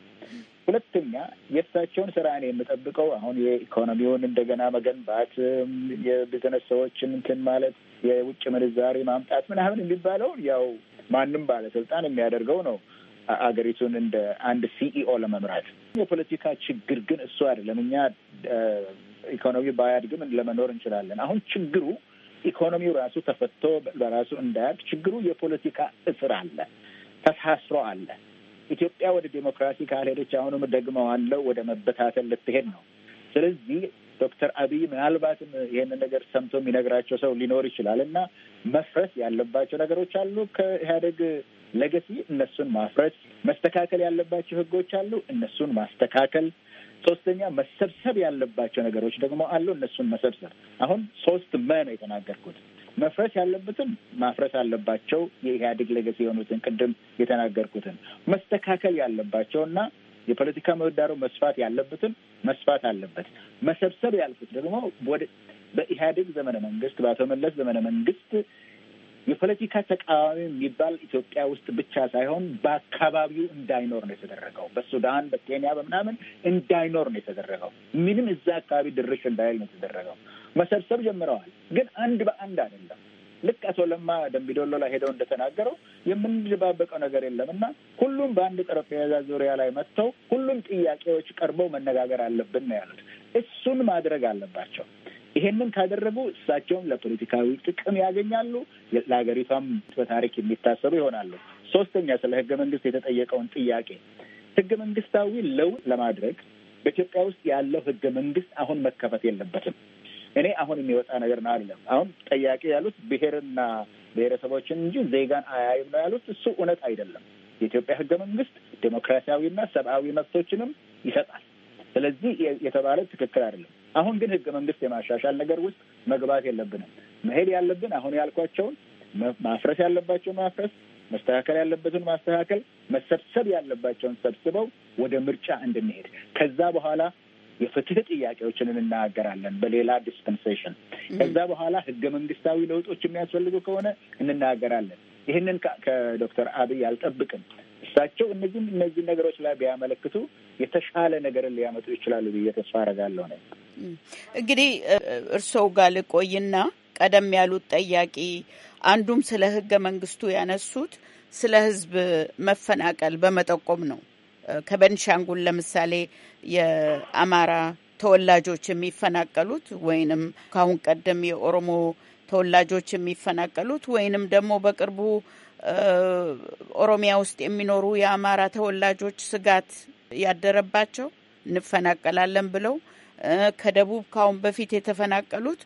Speaker 6: ሁለተኛ የእሳቸውን ስራ እኔ የምጠብቀው አሁን የኢኮኖሚውን እንደገና መገንባት፣ የቢዝነስ ሰዎችን እንትን ማለት፣ የውጭ ምንዛሪ ማምጣት ምናምን የሚባለውን ያው ማንም ባለስልጣን የሚያደርገው ነው አገሪቱን እንደ አንድ ሲኢኦ ለመምራት። የፖለቲካ ችግር ግን እሱ አይደለም። እኛ ኢኮኖሚው ባያድግም ለመኖር እንችላለን። አሁን ችግሩ ኢኮኖሚው ራሱ ተፈቶ በራሱ እንዳያድግ ችግሩ የፖለቲካ እስር አለ፣ ተሳስሮ አለ። ኢትዮጵያ ወደ ዴሞክራሲ ካልሄደች አሁንም ደግመዋለሁ ወደ መበታተል ልትሄድ ነው። ስለዚህ ዶክተር አብይ ምናልባትም ይህንን ነገር ሰምቶ የሚነግራቸው ሰው ሊኖር ይችላል እና መፍረስ ያለባቸው ነገሮች አሉ ከኢህአዴግ ሌገሲ እነሱን ማፍረስ፣ መስተካከል ያለባቸው ህጎች አሉ እነሱን ማስተካከል ሶስተኛ መሰብሰብ ያለባቸው ነገሮች ደግሞ አሉ። እነሱን መሰብሰብ አሁን ሶስት መ ነው የተናገርኩት። መፍረስ ያለበትን ማፍረስ አለባቸው። የኢህአዴግ ሌገሲ የሆኑትን ቅድም የተናገርኩትን መስተካከል ያለባቸው እና የፖለቲካ ምህዳሩ መስፋት ያለበትን መስፋት አለበት። መሰብሰብ ያልኩት ደግሞ ወደ በኢህአዴግ ዘመነ መንግስት በአቶ መለስ ዘመነ መንግስት የፖለቲካ ተቃዋሚ የሚባል ኢትዮጵያ ውስጥ ብቻ ሳይሆን በአካባቢው እንዳይኖር ነው የተደረገው። በሱዳን፣ በኬንያ፣ በምናምን እንዳይኖር ነው የተደረገው። ምንም እዛ አካባቢ ድርሽ እንዳይል ነው የተደረገው። መሰብሰብ ጀምረዋል፣ ግን አንድ በአንድ አይደለም። ልክ አቶ ለማ ደምቢዶሎ ላይ ሄደው እንደተናገረው የምንደባበቀው ነገር የለም እና ሁሉም በአንድ ጠረጴዛ ዙሪያ ላይ መጥተው ሁሉም ጥያቄዎች ቀርበው መነጋገር አለብን ነው ያሉት። እሱን ማድረግ አለባቸው። ይሄንን ካደረጉ እሳቸውም ለፖለቲካዊ ጥቅም ያገኛሉ፣ ለሀገሪቷም በታሪክ የሚታሰቡ ይሆናሉ። ሶስተኛ ስለ ህገ መንግስት የተጠየቀውን ጥያቄ ህገ መንግስታዊ ለውጥ ለማድረግ በኢትዮጵያ ውስጥ ያለው ህገ መንግስት አሁን መከፈት የለበትም። እኔ አሁን የሚወጣ ነገር ነው አይደለም። አሁን ጠያቄ ያሉት ብሔርና ብሔረሰቦችን እንጂ ዜጋን አያይም ነው ያሉት። እሱ እውነት አይደለም። የኢትዮጵያ ህገ መንግስት ዴሞክራሲያዊና ሰብአዊ መብቶችንም ይሰጣል። ስለዚህ የተባለ ትክክል አይደለም። አሁን ግን ህገ መንግስት የማሻሻል ነገር ውስጥ መግባት የለብንም። መሄድ ያለብን አሁን ያልኳቸውን ማፍረስ ያለባቸውን ማፍረስ፣ መስተካከል ያለበትን ማስተካከል፣ መሰብሰብ ያለባቸውን ሰብስበው ወደ ምርጫ እንድንሄድ ከዛ በኋላ የፍትህ ጥያቄዎችን እንናገራለን በሌላ ዲስፐንሴሽን። ከዛ በኋላ ህገ መንግስታዊ ለውጦች የሚያስፈልጉ ከሆነ እንናገራለን። ይህንን ከዶክተር አብይ አልጠብቅም። እሳቸው እነዚህም እነዚህ ነገሮች ላይ ቢያመለክቱ የተሻለ ነገርን ሊያመጡ ይችላሉ ብዬ ተስፋ አደርጋለሁ
Speaker 7: ነው
Speaker 4: እንግዲህ እርስዎ ጋር ልቆይና ቀደም ያሉት ጠያቂ አንዱም ስለ ህገ መንግስቱ ያነሱት ስለ ህዝብ መፈናቀል በመጠቆም ነው። ከበንሻንጉል ለምሳሌ የአማራ ተወላጆች የሚፈናቀሉት ወይንም ከአሁን ቀደም የኦሮሞ ተወላጆች የሚፈናቀሉት ወይንም ደግሞ በቅርቡ ኦሮሚያ ውስጥ የሚኖሩ የአማራ ተወላጆች ስጋት ያደረባቸው እንፈናቀላለን ብለው ከደቡብ ካሁን በፊት የተፈናቀሉት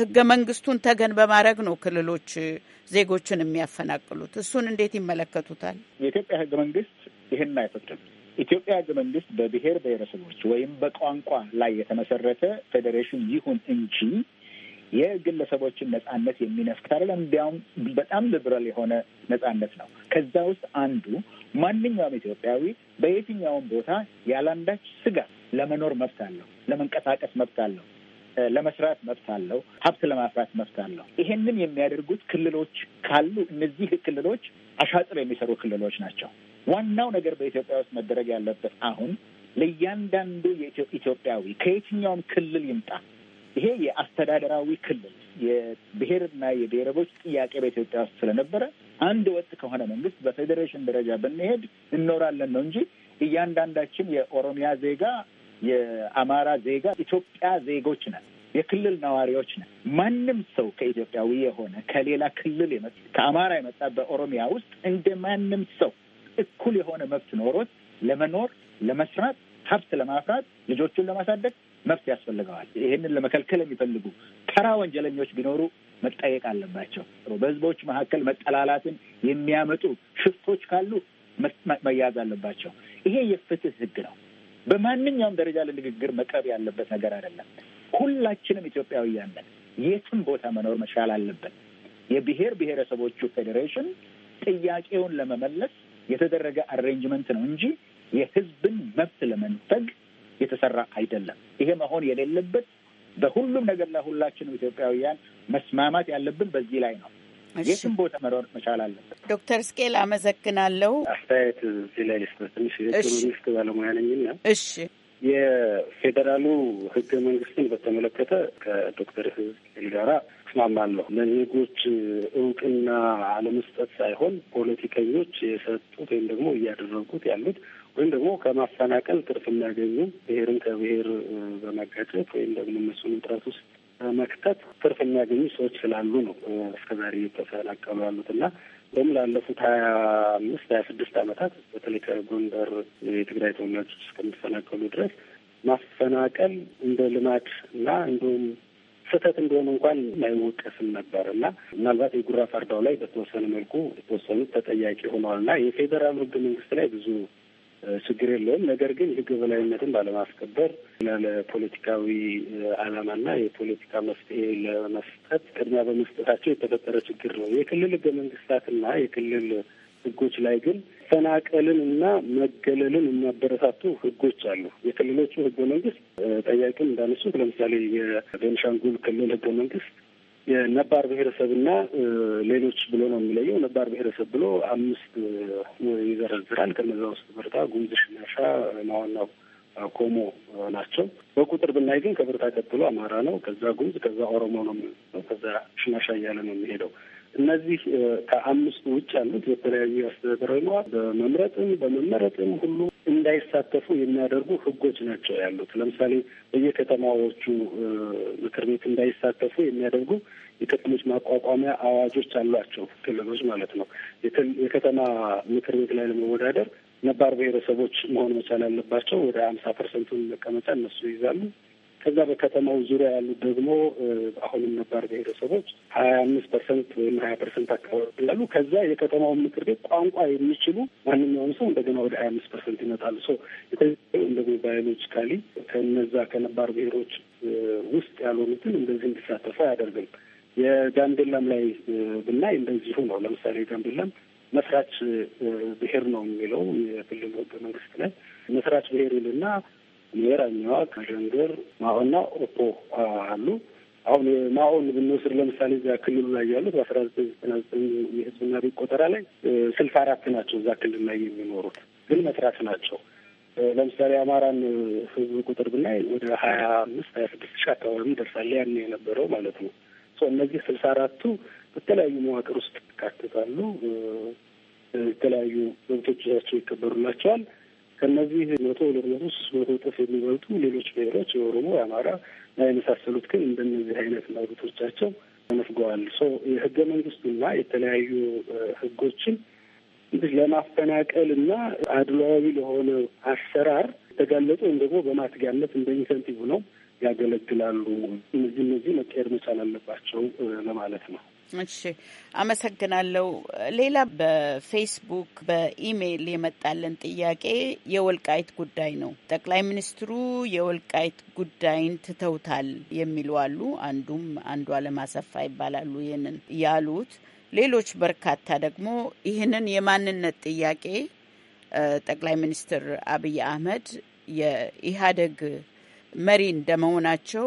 Speaker 4: ህገ መንግስቱን ተገን በማድረግ ነው ክልሎች ዜጎችን የሚያፈናቅሉት። እሱን እንዴት ይመለከቱታል?
Speaker 6: የኢትዮጵያ ህገ መንግስት ይህን አይፈቅድም። ኢትዮጵያ ህገ መንግስት በብሔር ብሔረሰቦች ወይም በቋንቋ ላይ የተመሰረተ ፌዴሬሽን ይሁን እንጂ የግለሰቦችን ነጻነት የሚነፍቅ አይደለም። እንዲያውም በጣም ሊበራል የሆነ ነጻነት ነው። ከዛ ውስጥ አንዱ ማንኛውም ኢትዮጵያዊ በየትኛውም ቦታ ያላንዳች ስጋት ለመኖር መብት አለው፣ ለመንቀሳቀስ መብት አለው፣ ለመስራት መብት አለው፣ ሀብት ለማፍራት መብት አለው። ይሄንን የሚያደርጉት ክልሎች ካሉ እነዚህ ክልሎች አሻጥር የሚሰሩ ክልሎች ናቸው። ዋናው ነገር በኢትዮጵያ ውስጥ መደረግ ያለበት አሁን ለእያንዳንዱ ኢትዮጵያዊ ከየትኛውም ክልል ይምጣ ይሄ የአስተዳደራዊ ክልል የብሔርና የብሔረቦች ጥያቄ በኢትዮጵያ ውስጥ ስለነበረ አንድ ወጥ ከሆነ መንግስት በፌዴሬሽን ደረጃ ብንሄድ እንኖራለን ነው እንጂ እያንዳንዳችን የኦሮሚያ ዜጋ
Speaker 5: የአማራ
Speaker 6: ዜጋ ኢትዮጵያ ዜጎች ነን፣ የክልል ነዋሪዎች ነን። ማንም ሰው ከኢትዮጵያዊ የሆነ ከሌላ ክልል የመጣ ከአማራ የመጣ በኦሮሚያ ውስጥ እንደ ማንም ሰው እኩል የሆነ መብት ኖሮት ለመኖር፣ ለመስራት፣ ሀብት ለማፍራት፣ ልጆቹን ለማሳደግ መብት ያስፈልገዋል። ይህንን ለመከልከል የሚፈልጉ ተራ ወንጀለኞች ቢኖሩ መጠየቅ አለባቸው። በህዝቦች መካከል መጠላላትን የሚያመጡ ሽፍቶች ካሉ መያዝ አለባቸው። ይሄ የፍትህ ህግ ነው። በማንኛውም ደረጃ ለንግግር መቅረብ ያለበት ነገር አይደለም። ሁላችንም ኢትዮጵያውያን ነን። የትም ቦታ መኖር መቻል አለበት የብሔር ብሔረሰቦቹ ፌዴሬሽን ጥያቄውን ለመመለስ የተደረገ አሬንጅመንት ነው እንጂ የህዝብን መብት ለመንፈግ የተሰራ አይደለም። ይሄ መሆን የሌለበት በሁሉም ነገር ላይ ሁላችንም ኢትዮጵያውያን መስማማት ያለብን በዚህ ላይ ነው።
Speaker 5: የትም ቦታ መራወጥ መቻል አለበት።
Speaker 4: ዶክተር ስቄል አመሰግናለሁ።
Speaker 5: አስተያየት እዚህ ላይ ልስጥ። ትንሽ የኢኮኖሚስት ባለሙያ ነኝና እሺ የፌዴራሉ ህገ መንግስትን በተመለከተ ከዶክተር ህዝል ጋራ እስማማለሁ። ለዜጎች እውቅና አለመስጠት ሳይሆን ፖለቲከኞች የሰጡት ወይም ደግሞ እያደረጉት ያሉት ወይም ደግሞ ከማፈናቀል ትርፍ የሚያገኙ ብሔርን ከብሔር በማጋጨት ወይም ደግሞ እነሱን ውጥረት ውስጥ በመክተት ትርፍ የሚያገኙ ሰዎች ስላሉ ነው እስከዛሬ እየተፈናቀሉ ያሉት እና ደግሞ ላለፉት ሀያ አምስት ሀያ ስድስት አመታት በተለይ ከጎንደር የትግራይ ተወላጆች እስከሚፈናቀሉ ድረስ ማፈናቀል እንደ ልማድ እና እንዲሁም ስህተት እንደሆነ እንኳን አይወቀስም ነበር እና ምናልባት የጉራ ፈርዳው ላይ በተወሰነ መልኩ የተወሰኑት ተጠያቂ ሆነዋል እና የፌዴራል ህገ መንግስት ላይ ብዙ ችግር የለውም። ነገር ግን የህግ በላይነትን ባለማስከበር እና ለፖለቲካዊ አላማና የፖለቲካ መፍትሄ ለመስጠት ቅድሚያ በመስጠታቸው የተፈጠረ ችግር ነው። የክልል ህገ መንግስታትና የክልል ህጎች ላይ ግን ፈናቀልን እና መገለልን የሚያበረታቱ ህጎች አሉ። የክልሎቹ ህገ መንግስት ጠያቂም እንዳነሱት ለምሳሌ የቤንሻንጉል ክልል ህገ መንግስት የነባር ብሔረሰብና ሌሎች ብሎ ነው የሚለየው። ነባር ብሔረሰብ ብሎ አምስት ይዘረዝራል። ከነዛ ውስጥ ብርታ፣ ጉሙዝ፣ ሽናሻ፣ ማዋናው፣ ኮሞ ናቸው። በቁጥር ብናይ ግን ከብርታ ቀጥሎ አማራ ነው። ከዛ ጉሙዝ፣ ከዛ ኦሮሞ ነው የሚለው፣ ከዛ ሽናሻ እያለ ነው የሚሄደው። እነዚህ ከአምስቱ ውጭ ያሉት በተለያዩ አስተዳደራዊ በመምረጥም በመመረጥም ሁሉ እንዳይሳተፉ የሚያደርጉ ህጎች ናቸው ያሉት። ለምሳሌ በየከተማዎቹ ምክር ቤት እንዳይሳተፉ የሚያደርጉ የከተሞች ማቋቋሚያ አዋጆች አሏቸው ክልሎች ማለት ነው። የከተማ ምክር ቤት ላይ ለመወዳደር ነባር ብሔረሰቦች መሆን መቻል አለባቸው። ወደ ሀምሳ ፐርሰንቱን መቀመጫ እነሱ ይይዛሉ። ከዛ በከተማው ዙሪያ ያሉት ደግሞ አሁንም ነባር ብሔረሰቦች ሀያ አምስት ፐርሰንት ወይም ሀያ ፐርሰንት አካባቢ ያሉ ከዛ የከተማውን ምክር ቤት ቋንቋ የሚችሉ ማንኛውም ሰው እንደገና ወደ ሀያ አምስት ፐርሰንት ይመጣሉ። ሶ እንደዚ ባዮሎጂካሊ ከነዛ ከነባር ብሔሮች ውስጥ ያልሆኑትን እንደዚህ እንዲሳተፉ አያደርግም። የጋምቤላም ላይ ብናይ እንደዚሁ ነው። ለምሳሌ ጋምቤላም መስራች ብሔር ነው የሚለው የክልሉ ህገ መንግስት ላይ መስራች ብሔር ይልና ምዕራኛዋ ኛዋክ፣ ማሆና ኦፖ አሉ። አሁን ማኦን ብንወስድ ለምሳሌ እዚያ ክልሉ ላይ ያሉት በአስራ ዘጠኝ ዘጠና ዘጠኝ የህዝብና ቤት ቆጠራ ላይ ስልሳ አራት ናቸው እዛ ክልል ላይ የሚኖሩት ግን መስራት ናቸው። ለምሳሌ አማራን ህዝብ ቁጥር ብናይ ወደ ሀያ አምስት ሀያ ስድስት ሺህ አካባቢ ደርሳለ ያን የነበረው ማለት ነው። እነዚህ ስልሳ አራቱ በተለያዩ መዋቅር ውስጥ ይካተታሉ። የተለያዩ መብቶቻቸው ይከበሩላቸዋል። ከእነዚህ መቶ ሁለት መቶ ሶስት መቶ እጥፍ የሚበልጡ ሌሎች ብሔሮች የኦሮሞ፣ የአማራ እና የመሳሰሉት ግን እንደነዚህ አይነት መብቶቻቸው ተነፍገዋል። የህገ መንግስቱና የተለያዩ ህጎችን እንግዲህ ለማፈናቀል እና አድሏዊ ለሆነ አሰራር የተጋለጡ ወይም ደግሞ በማትጋነት እንደ ኢንሰንቲቭ ነው ያገለግላሉ። እነዚህ እነዚህ መቀየር መቻል አለባቸው ለማለት ነው።
Speaker 4: እሺ አመሰግናለሁ። ሌላ በፌስቡክ በኢሜይል የመጣለን ጥያቄ የወልቃይት ጉዳይ ነው። ጠቅላይ ሚኒስትሩ የወልቃይት ጉዳይን ትተውታል የሚሉ አሉ። አንዱም አንዱ አለማሰፋ ይባላሉ ይህንን ያሉት። ሌሎች በርካታ ደግሞ ይህንን የማንነት ጥያቄ ጠቅላይ ሚኒስትር አብይ አህመድ የኢህአዴግ መሪ እንደመሆናቸው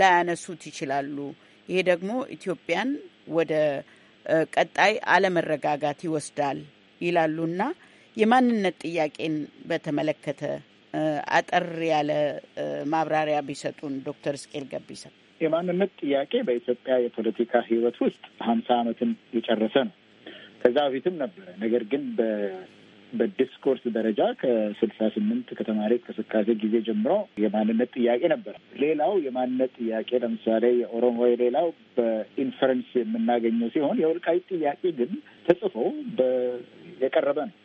Speaker 4: ላያነሱት ይችላሉ። ይሄ ደግሞ ኢትዮጵያን ወደ ቀጣይ አለመረጋጋት ይወስዳል ይላሉና የማንነት ጥያቄን በተመለከተ አጠር ያለ ማብራሪያ ቢሰጡን ዶክተር እስቄል ገቢሰ።
Speaker 6: የማንነት ጥያቄ በኢትዮጵያ የፖለቲካ ሕይወት ውስጥ ሀምሳ ዓመትን የጨረሰ ነው። ከዛ በፊትም ነበረ። ነገር ግን በዲስኮርስ ደረጃ ከስልሳ ስምንት ከተማሪ እንቅስቃሴ ጊዜ ጀምሮ የማንነት ጥያቄ ነበር። ሌላው የማንነት ጥያቄ ለምሳሌ የኦሮሞ ሌላው በኢንፈረንስ የምናገኘው ሲሆን የወልቃይት ጥያቄ ግን ተጽፎ የቀረበ ነው።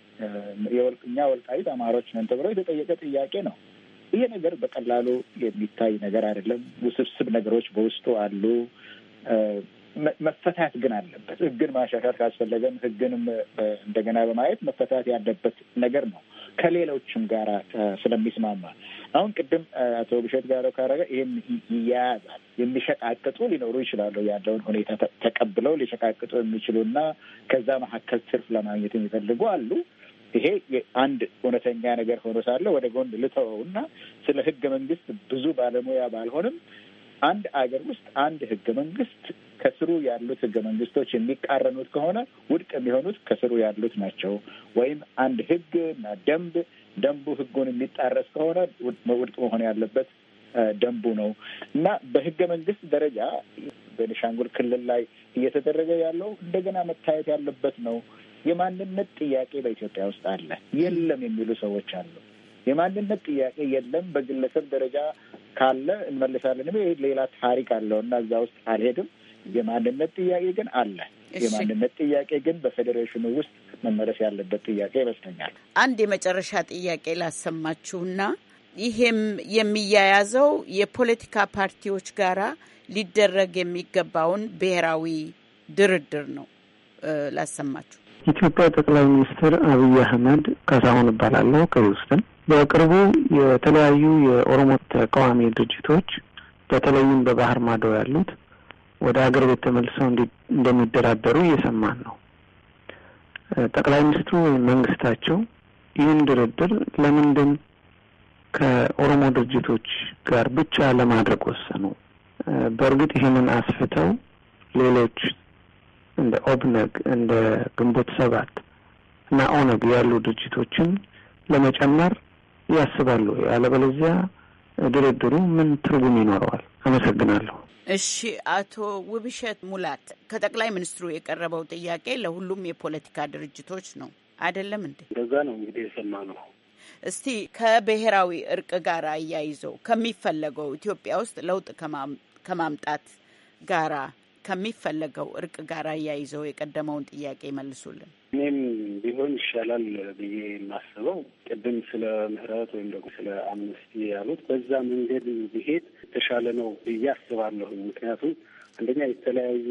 Speaker 6: የወልቅኛ ወልቃይት አማሮች ነን ተብሎ የተጠየቀ ጥያቄ ነው። ይሄ ነገር በቀላሉ የሚታይ ነገር አይደለም። ውስብስብ ነገሮች በውስጡ አሉ። መፈታት ግን አለበት። ህግን ማሻሻል ካስፈለገም ህግንም እንደገና በማየት መፈታት ያለበት ነገር ነው። ከሌሎችም ጋር ስለሚስማማ አሁን ቅድም አቶ ብሸት ጋር ካረገ ይህን ይያያዛል። የሚሸቃቅጡ ሊኖሩ ይችላሉ። ያለውን ሁኔታ ተቀብለው ሊሸቃቅጡ የሚችሉና ከዛ መካከል ትርፍ ለማግኘት የሚፈልጉ አሉ። ይሄ አንድ እውነተኛ ነገር ሆኖ ሳለ ወደ ጎን ልተወውና ስለ ህገ መንግስት ብዙ ባለሙያ ባልሆንም አንድ አገር ውስጥ አንድ ህገ መንግስት ከስሩ ያሉት ህገ መንግስቶች የሚቃረኑት ከሆነ ውድቅ የሚሆኑት ከስሩ ያሉት ናቸው። ወይም አንድ ህግ እና ደንብ ደንቡ ህጉን የሚጣረስ ከሆነ ውድቅ መሆን ያለበት ደንቡ ነው እና በህገ መንግስት ደረጃ በቤኒሻንጉል ክልል ላይ እየተደረገ ያለው እንደገና መታየት ያለበት ነው። የማንነት ጥያቄ በኢትዮጵያ ውስጥ አለ የለም የሚሉ ሰዎች አሉ። የማንነት ጥያቄ የለም። በግለሰብ ደረጃ ካለ እንመልሳለን። ሌላ ታሪክ አለው እና እዛ ውስጥ አልሄድም። የማንነት ጥያቄ ግን አለ። የማንነት ጥያቄ ግን በፌዴሬሽኑ ውስጥ መመለስ ያለበት ጥያቄ ይመስለኛል።
Speaker 4: አንድ የመጨረሻ ጥያቄ ላሰማችሁና ይሄም የሚያያዘው የፖለቲካ ፓርቲዎች ጋራ ሊደረግ የሚገባውን ብሔራዊ ድርድር ነው። ላሰማችሁ።
Speaker 3: ኢትዮጵያ ጠቅላይ ሚኒስትር አብይ አህመድ ካሳሁን እባላለሁ ከሂውስተን በቅርቡ የተለያዩ የኦሮሞ ተቃዋሚ ድርጅቶች በተለይም በባህር ማዶ ያሉት ወደ ሀገር ቤት ተመልሰው እንደሚደራደሩ እየሰማን ነው። ጠቅላይ ሚኒስትሩ ወይም መንግስታቸው ይህን ድርድር ለምንድን ከኦሮሞ ድርጅቶች ጋር ብቻ ለማድረግ ወሰኑ? በእርግጥ ይህንን አስፍተው ሌሎች እንደ ኦብነግ እንደ ግንቦት ሰባት እና ኦነግ ያሉ ድርጅቶችን ለመጨመር ያስባሉ። ያለበለዚያ ድርድሩ ምን ትርጉም
Speaker 5: ይኖረዋል? አመሰግናለሁ።
Speaker 4: እሺ፣ አቶ ውብሸት ሙላት ከጠቅላይ ሚኒስትሩ የቀረበው ጥያቄ ለሁሉም የፖለቲካ ድርጅቶች ነው አይደለም እንዴ?
Speaker 5: እንደዛ ነው እንግዲህ
Speaker 4: ነው። እስቲ ከብሔራዊ እርቅ ጋር አያይዘው ከሚፈለገው ኢትዮጵያ ውስጥ ለውጥ ከማምጣት ጋራ ከሚፈለገው እርቅ ጋር አያይዘው የቀደመውን ጥያቄ መልሱልን።
Speaker 5: እኔም ቢሆን ይሻላል ብዬ የማስበው ቅድም ስለ ምህረት ወይም ደግሞ ስለ አምነስቲ ያሉት በዛ መንገድ ብሄድ የተሻለ ነው ብዬ አስባለሁ ምክንያቱም አንደኛ የተለያዩ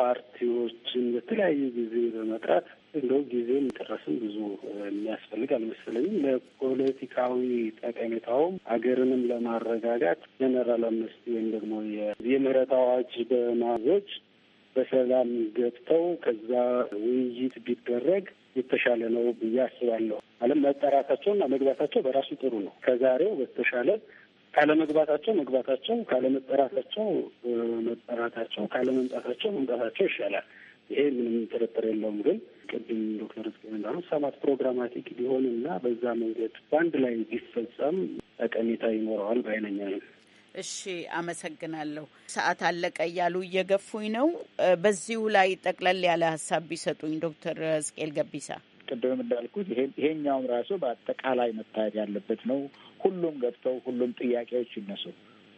Speaker 5: ፓርቲዎችን በተለያዩ ጊዜ በመጥራት እንደውም ጊዜም ጥረትም ብዙ የሚያስፈልግ አልመሰለኝም። ለፖለቲካዊ ጠቀሜታውም ሀገርንም ለማረጋጋት ጀነራል አምነስቲ ወይም ደግሞ የምህረት አዋጅ በማዞች በሰላም ገብተው ከዛ ውይይት ቢደረግ የተሻለ ነው ብዬ አስባለሁ። አለም መጠራታቸውና መግባታቸው በራሱ ጥሩ ነው። ከዛሬው በተሻለ ካለመግባታቸው መግባታቸው፣ ካለመጠራታቸው መጠራታቸው፣ ካለመምጣታቸው መምጣታቸው ይሻላል። ይሄ ምንም ጥርጥር የለውም ግን ቅድም ዶክተር ስቅም እንዳሉት ሰባት ፕሮግራማቲክ ቢሆንና በዛ መንገድ በአንድ ላይ ቢፈጸም ጠቀሜታ ይኖረዋል ባይነኛ ነው።
Speaker 4: እሺ፣ አመሰግናለሁ። ሰዓት አለቀ እያሉ እየገፉኝ ነው። በዚሁ ላይ ጠቅለል ያለ ሀሳብ ቢሰጡኝ ዶክተር ስቅኤል ገቢሳ።
Speaker 6: ቅድም እንዳልኩት ይሄኛውም ራሱ በአጠቃላይ መታየት ያለበት ነው። ሁሉም ገብተው ሁሉም ጥያቄዎች ይነሱ።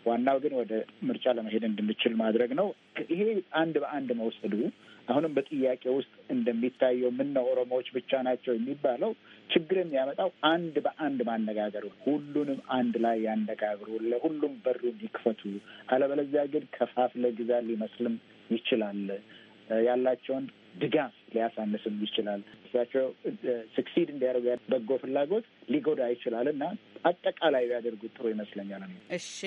Speaker 6: ዋናው ግን ወደ ምርጫ ለመሄድ እንድንችል ማድረግ ነው። ይሄ አንድ በአንድ መውሰዱ አሁንም በጥያቄ ውስጥ እንደሚታየው ምን ኦሮሞዎች ብቻ ናቸው የሚባለው ችግር የሚያመጣው አንድ በአንድ ማነጋገር፣ ሁሉንም አንድ ላይ ያነጋግሩ፣ ለሁሉም በሩን ይክፈቱ። አለበለዚያ ግን ከፋፍለ ግዛ ሊመስልም ይችላል። ያላቸውን ድጋፍ ሊያሳንስም ይችላል። እሳቸው ስክሲድ እንዲያደርጉ በጎ ፍላጎት ሊጎዳ ይችላል እና አጠቃላይ ቢያደርጉት ጥሩ ይመስለኛል።
Speaker 4: እሺ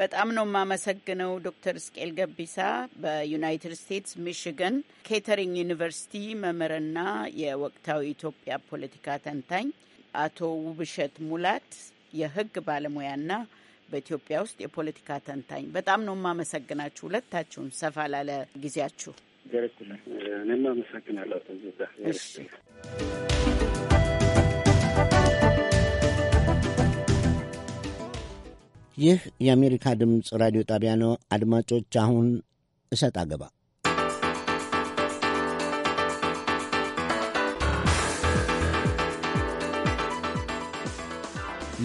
Speaker 4: በጣም ነው የማመሰግነው ዶክተር እስቄል ገቢሳ በዩናይትድ ስቴትስ ሚሽገን ኬተሪንግ ዩኒቨርሲቲ መምህርና የወቅታዊ ኢትዮጵያ ፖለቲካ ተንታኝ፣ አቶ ውብሸት ሙላት የህግ ባለሙያና በኢትዮጵያ ውስጥ የፖለቲካ ተንታኝ። በጣም ነው የማመሰግናችሁ ሁለታችሁን ሰፋ ላለ ጊዜያችሁ።
Speaker 5: እኔም አመሰግናለሁ።
Speaker 1: ይህ የአሜሪካ ድምፅ ራዲዮ ጣቢያ ነው። አድማጮች፣ አሁን እሰጥ አገባ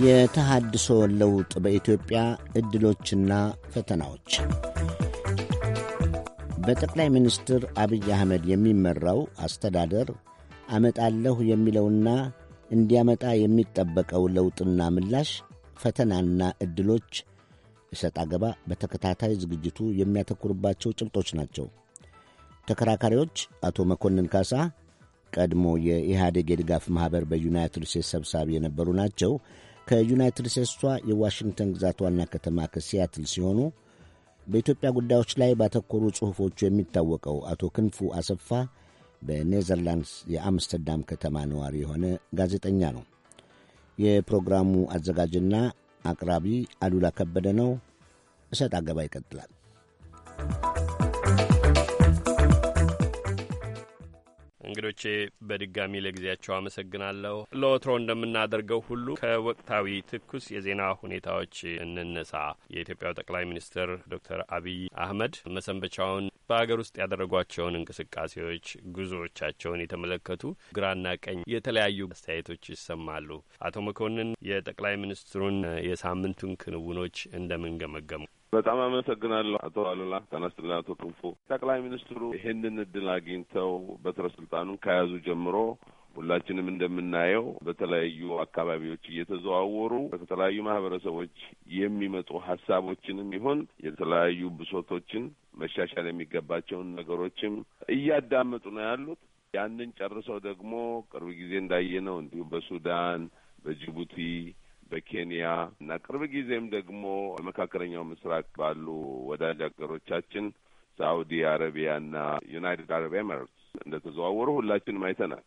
Speaker 1: የተሃድሶ ለውጥ በኢትዮጵያ ዕድሎችና ፈተናዎች በጠቅላይ ሚኒስትር አብይ አህመድ የሚመራው አስተዳደር አመጣለሁ የሚለውና እንዲያመጣ የሚጠበቀው ለውጥና ምላሽ ፈተናና ዕድሎች እሰጥ አገባ በተከታታይ ዝግጅቱ የሚያተኩርባቸው ጭብጦች ናቸው። ተከራካሪዎች አቶ መኮንን ካሳ ቀድሞ የኢህአዴግ የድጋፍ ማኅበር በዩናይትድ ስቴትስ ሰብሳቢ የነበሩ ናቸው። ከዩናይትድ ስቴትሷ የዋሽንግተን ግዛት ዋና ከተማ ከሲያትል ሲሆኑ በኢትዮጵያ ጉዳዮች ላይ ባተኮሩ ጽሑፎቹ የሚታወቀው አቶ ክንፉ አሰፋ በኔዘርላንድስ የአምስተርዳም ከተማ ነዋሪ የሆነ ጋዜጠኛ ነው። የፕሮግራሙ አዘጋጅና አቅራቢ አሉላ ከበደ ነው። እሰጥ አገባ ይቀጥላል።
Speaker 8: እንግዶቼ በድጋሚ ለጊዜያቸው አመሰግናለሁ። ለወትሮ እንደምናደርገው ሁሉ ከወቅታዊ ትኩስ የዜና ሁኔታዎች እንነሳ። የኢትዮጵያው ጠቅላይ ሚኒስትር ዶክተር አብይ አህመድ መሰንበቻውን በሀገር ውስጥ ያደረጓቸውን እንቅስቃሴዎች፣ ጉዞዎቻቸውን የተመለከቱ ግራና ቀኝ የተለያዩ አስተያየቶች ይሰማሉ። አቶ መኮንን የጠቅላይ ሚኒስትሩን የሳምንቱን ክንውኖች እንደምንገመገሙ
Speaker 9: በጣም አመሰግናለሁ አቶ አሉላ ተነስትና አቶ ክንፉ። ጠቅላይ ሚኒስትሩ ይህንን እድል አግኝተው በትረ ስልጣኑን ከያዙ ጀምሮ ሁላችንም እንደምናየው በተለያዩ አካባቢዎች እየተዘዋወሩ ከተለያዩ ማህበረሰቦች የሚመጡ ሀሳቦችንም ይሁን የተለያዩ ብሶቶችን መሻሻል የሚገባቸውን ነገሮችም እያዳመጡ ነው ያሉት። ያንን ጨርሰው ደግሞ ቅርብ ጊዜ እንዳየነው እንዲሁም በሱዳን፣ በጅቡቲ በኬንያ እና ቅርብ ጊዜም ደግሞ በመካከለኛው ምስራቅ ባሉ ወዳጅ ሀገሮቻችን ሳኡዲ አረቢያና ዩናይትድ አረብ ኤምሬትስ እንደተዘዋወሩ ሁላችንም አይተናል።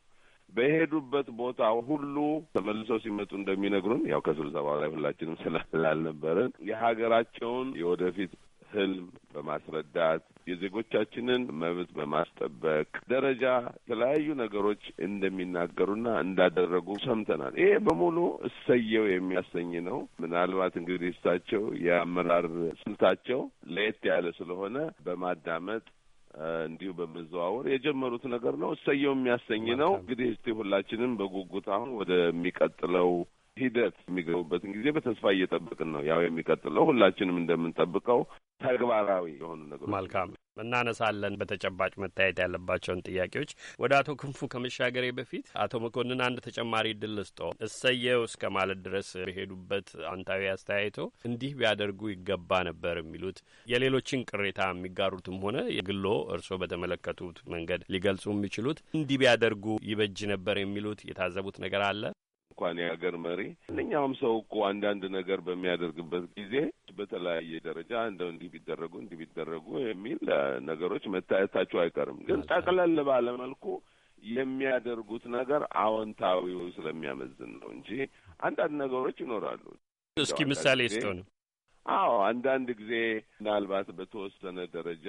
Speaker 9: በሄዱበት ቦታ ሁሉ ተመልሰው ሲመጡ እንደሚነግሩን ያው ከስብሰባ ላይ ሁላችንም ስላልነበረን የሀገራቸውን የወደፊት ህልም በማስረዳት የዜጎቻችንን መብት በማስጠበቅ ደረጃ የተለያዩ ነገሮች እንደሚናገሩና እንዳደረጉ ሰምተናል። ይሄ በሙሉ እሰየው የሚያሰኝ ነው። ምናልባት እንግዲህ እሳቸው የአመራር ስልታቸው ለየት ያለ ስለሆነ በማዳመጥ እንዲሁ በመዘዋወር የጀመሩት ነገር ነው። እሰየው የሚያሰኝ ነው። እንግዲህ እስቲ ሁላችንም በጉጉት አሁን ወደሚቀጥለው ሂደት የሚገቡበትን ጊዜ በተስፋ እየጠበቅን ነው። ያው የሚቀጥለው ሁላችንም እንደምንጠብቀው
Speaker 8: ተግባራዊ የሆኑ ነገሮች መልካም እናነሳለን። በተጨባጭ መታየት ያለባቸውን ጥያቄዎች ወደ አቶ ክንፉ ከመሻገሬ በፊት አቶ መኮንን አንድ ተጨማሪ ድል ልስጦ እሰየው እስከ ማለት ድረስ በሄዱበት አንታዊ አስተያየቶ እንዲህ ቢያደርጉ ይገባ ነበር የሚሉት የሌሎችን ቅሬታ የሚጋሩትም ሆነ የግሎ እርስዎ በተመለከቱት መንገድ ሊገልጹ የሚችሉት እንዲህ ቢያደርጉ ይበጅ ነበር የሚሉት የታዘቡት ነገር አለ? እንኳን
Speaker 9: የሀገር መሪ ማንኛውም ሰው እኮ አንዳንድ ነገር በሚያደርግበት ጊዜ በተለያየ ደረጃ እንደው እንዲህ ቢደረጉ እንዲህ ቢደረጉ የሚል ነገሮች መታየታቸው አይቀርም። ግን ጠቅለል ባለመልኩ የሚያደርጉት ነገር አዎንታዊው ስለሚያመዝን ነው እንጂ አንዳንድ ነገሮች ይኖራሉ። እስኪ ምሳሌ ስጠን። አዎ አንዳንድ ጊዜ ምናልባት በተወሰነ ደረጃ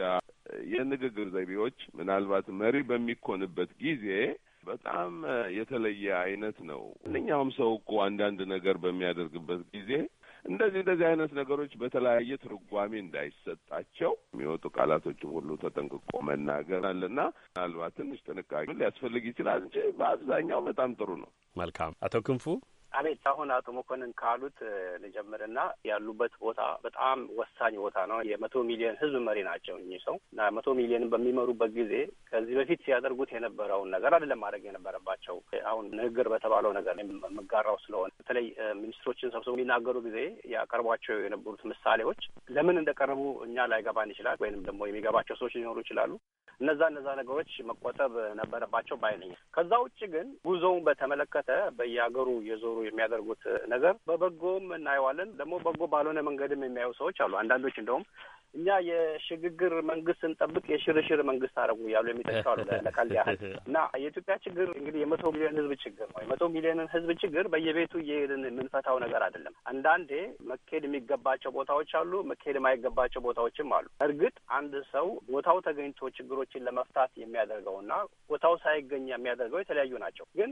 Speaker 9: የንግግር ዘይቤዎች ምናልባት መሪ በሚኮንበት ጊዜ በጣም የተለየ አይነት ነው። ማንኛውም ሰው እኮ አንዳንድ ነገር በሚያደርግበት ጊዜ እንደዚህ እንደዚህ አይነት ነገሮች በተለያየ ትርጓሜ እንዳይሰጣቸው የሚወጡ ቃላቶችም ሁሉ ተጠንቅቆ መናገር አለና ምናልባት ትንሽ ጥንቃቄ ሊያስፈልግ ይችላል እንጂ
Speaker 10: በአብዛኛው በጣም ጥሩ ነው።
Speaker 9: መልካም አቶ
Speaker 8: ክንፉ
Speaker 10: አቤት አሁን አቶ መኮንን ካሉት ልጀምርና ያሉበት ቦታ በጣም ወሳኝ ቦታ ነው። የመቶ ሚሊዮን ህዝብ መሪ ናቸው እኚህ ሰው እና መቶ ሚሊዮንን በሚመሩበት ጊዜ ከዚህ በፊት ሲያደርጉት የነበረውን ነገር አይደለም ማድረግ የነበረባቸው። አሁን ንግግር በተባለው ነገር የምጋራው ስለሆነ በተለይ ሚኒስትሮችን ሰብስበው የሚናገሩ ጊዜ ያቀርቧቸው የነበሩት ምሳሌዎች ለምን እንደቀረቡ እኛ ላይገባን ይችላል፣ ወይንም ደግሞ የሚገባቸው ሰዎች ሊኖሩ ይችላሉ። እነዛ እነዛ ነገሮች መቆጠብ ነበረባቸው ባይነኝ። ከዛ ውጭ ግን ጉዞውን በተመለከተ በየሀገሩ የዞሩ የሚያደርጉት ነገር በበጎም እናየዋለን፣ ደግሞ በጎ ባልሆነ መንገድም የሚያዩ ሰዎች አሉ። አንዳንዶች እንደውም እኛ የሽግግር መንግስት ስንጠብቅ የሽርሽር መንግስት አደረጉ እያሉ የሚጠቅሱ አሉ። ያህል <laughs> እና የኢትዮጵያ ችግር እንግዲህ የመቶ ሚሊዮን ህዝብ ችግር ነው። የመቶ ሚሊዮንን ህዝብ ችግር በየቤቱ እየሄድን የምንፈታው ነገር አይደለም። አንዳንዴ መካሄድ የሚገባቸው ቦታዎች አሉ፣ መካሄድ የማይገባቸው ቦታዎችም አሉ። እርግጥ አንድ ሰው ቦታው ተገኝቶ ችግሮችን ለመፍታት እና ቦታው ሳይገኝ የሚያደርገው የተለያዩ ናቸው ግን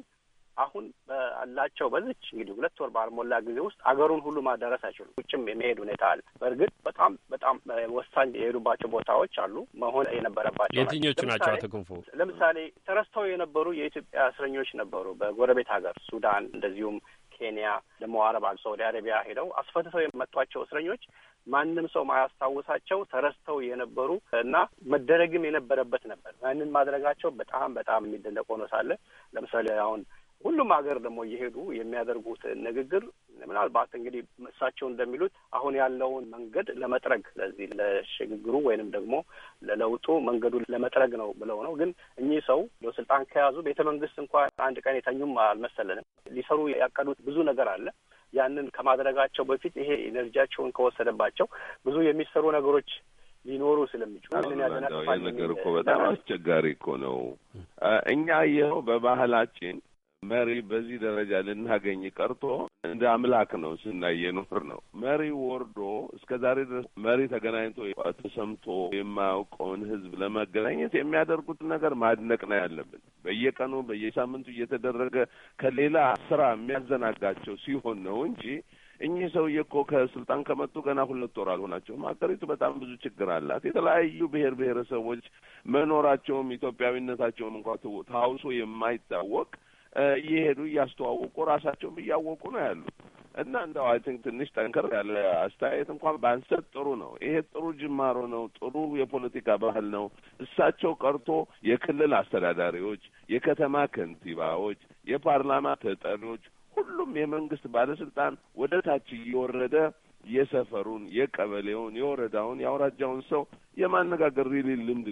Speaker 10: አሁን ባላቸው በዚች እንግዲህ ሁለት ወር ባልሞላ ጊዜ ውስጥ አገሩን ሁሉ ማዳረስ አይችሉም። ውጭም የመሄድ ሁኔታ አለ። በእርግጥ በጣም በጣም ወሳኝ የሄዱባቸው ቦታዎች አሉ መሆን የነበረባቸው የትኞቹ ናቸው? አቶ ክንፉ ለምሳሌ ተረስተው የነበሩ የኢትዮጵያ እስረኞች ነበሩ በጎረቤት ሀገር ሱዳን፣ እንደዚሁም ኬንያ፣ ደግሞ አረብ ሳውዲ አረቢያ ሄደው አስፈትተው የመጧቸው እስረኞች ማንም ሰው ማያስታውሳቸው ተረስተው የነበሩ እና መደረግም የነበረበት ነበር። ያንን ማድረጋቸው በጣም በጣም የሚደነቅ ሆኖ ሳለ ለምሳሌ አሁን ሁሉም ሀገር ደግሞ እየሄዱ የሚያደርጉት ንግግር ምናልባት እንግዲህ እሳቸው እንደሚሉት አሁን ያለውን መንገድ ለመጥረግ ለዚህ ለሽግግሩ ወይንም ደግሞ ለለውጡ መንገዱ ለመጥረግ ነው ብለው ነው። ግን እኚህ ሰው ስልጣን ከያዙ ቤተ መንግስት እንኳ አንድ ቀን የተኙም አልመሰለንም። ሊሰሩ ያቀዱት ብዙ ነገር አለ። ያንን ከማድረጋቸው በፊት ይሄ ኤነርጂያቸውን ከወሰደባቸው ብዙ የሚሰሩ ነገሮች ሊኖሩ ስለሚችሉ ነገር እኮ በጣም
Speaker 9: አስቸጋሪ እኮ ነው። እኛ ይኸው በባህላችን መሪ በዚህ ደረጃ ልናገኝ ቀርቶ እንደ አምላክ ነው ስናየ ኖር ነው። መሪ ወርዶ እስከ ዛሬ ድረስ መሪ ተገናኝቶ ተሰምቶ የማያውቀውን ህዝብ ለመገናኘት የሚያደርጉትን ነገር ማድነቅ ነው ያለብን። በየቀኑ በየሳምንቱ እየተደረገ ከሌላ ስራ የሚያዘናጋቸው ሲሆን ነው እንጂ እኚህ ሰውዬ እኮ ከስልጣን ከመጡ ገና ሁለት ወር አልሆናቸውም። ሀገሪቱ በጣም ብዙ ችግር አላት። የተለያዩ ብሔር ብሔረሰቦች መኖራቸውም ኢትዮጵያዊነታቸውም እንኳ ታውሶ የማይታወቅ እየሄዱ እያስተዋወቁ ራሳቸውም እያወቁ ነው ያሉት እና እንደው አይ ቲንክ ትንሽ ጠንከር ያለ አስተያየት እንኳን ባንሰጥ ጥሩ ነው። ይሄ ጥሩ ጅማሮ ነው። ጥሩ የፖለቲካ ባህል ነው። እሳቸው ቀርቶ የክልል አስተዳዳሪዎች፣ የከተማ ከንቲባዎች፣ የፓርላማ ተጠሪዎች፣ ሁሉም የመንግስት ባለስልጣን ወደ ታች እየወረደ የሰፈሩን፣ የቀበሌውን፣ የወረዳውን፣ የአውራጃውን ሰው የማነጋገር ሪሊ ልምድ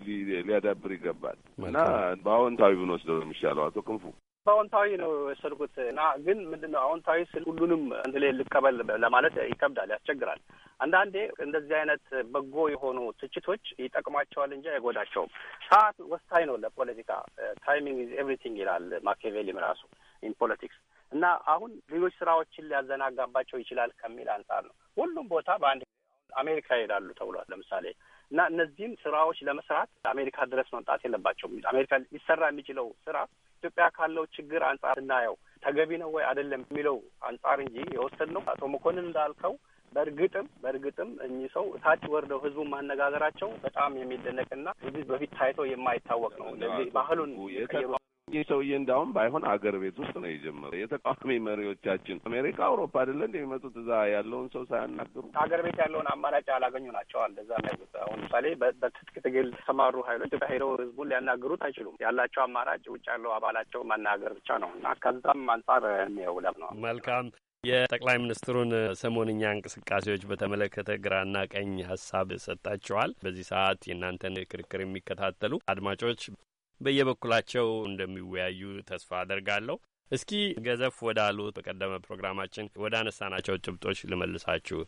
Speaker 9: ሊያዳብር ይገባል እና በአዎንታዊ ብንወስደው የሚሻለው አቶ ክንፉ
Speaker 10: በአዎንታዊ ነው የወሰድኩት እና ግን ምንድን ነው አዎንታዊ ስል ሁሉንም አንድ ላይ ልቀበል ለማለት ይከብዳል፣ ያስቸግራል። አንዳንዴ እንደዚህ አይነት በጎ የሆኑ ትችቶች ይጠቅሟቸዋል እንጂ አይጎዳቸውም። ሰዓት ወሳኝ ነው ለፖለቲካ። ታይሚንግ ኢዝ ኤቭሪቲንግ ይላል ማኪያቬሊም ራሱ ኢን ፖለቲክስ እና አሁን ሌሎች ስራዎችን ሊያዘናጋባቸው ይችላል ከሚል አንጻር ነው ሁሉም ቦታ በአንድ አሜሪካ ይሄዳሉ ተብሏል። ለምሳሌ እና እነዚህም ስራዎች ለመስራት አሜሪካ ድረስ መምጣት የለባቸውም። አሜሪካ ሊሰራ የሚችለው ስራ ኢትዮጵያ ካለው ችግር አንጻር ስናየው ተገቢ ነው ወይ አይደለም የሚለው አንጻር እንጂ የወሰድ ነው። አቶ መኮንን እንዳልከው በእርግጥም በእርግጥም እኚህ ሰው ታች ወርደው ህዝቡን ማነጋገራቸው በጣም የሚደነቅና በፊት ታይቶ የማይታወቅ ነው። ለዚህ ባህሉን
Speaker 9: ይህ ሰውዬ እንዳሁም ባይሆን አገር ቤት ውስጥ ነው የጀመረ። የተቃዋሚ መሪዎቻችን አሜሪካ፣ አውሮፓ አይደለ እንደ የሚመጡት እዛ ያለውን ሰው ሳያናግሩ
Speaker 10: አገር ቤት ያለውን አማራጭ አላገኙ ናቸው። እንደዛ የሚያሉት አሁን ምሳሌ በትጥቅ ትግል ተሰማሩ ሀይሎች ኢትዮጵያ ሄደው ህዝቡን ሊያናግሩት አይችሉም። ያላቸው አማራጭ ውጭ ያለው አባላቸው ማናገር ብቻ ነው እና ከዛም አንጻር የሚያውለም ነው።
Speaker 8: መልካም የጠቅላይ ሚኒስትሩን ሰሞንኛ እንቅስቃሴዎች በተመለከተ ግራና ቀኝ ሀሳብ ሰጥታችኋል። በዚህ ሰዓት የእናንተን ክርክር የሚከታተሉ አድማጮች በየበኩላቸው እንደሚወያዩ ተስፋ አደርጋለሁ። እስኪ ገዘፍ ወዳሉት በቀደመ ፕሮግራማችን ወደ አነሳናቸው ጭብጦች ልመልሳችሁ።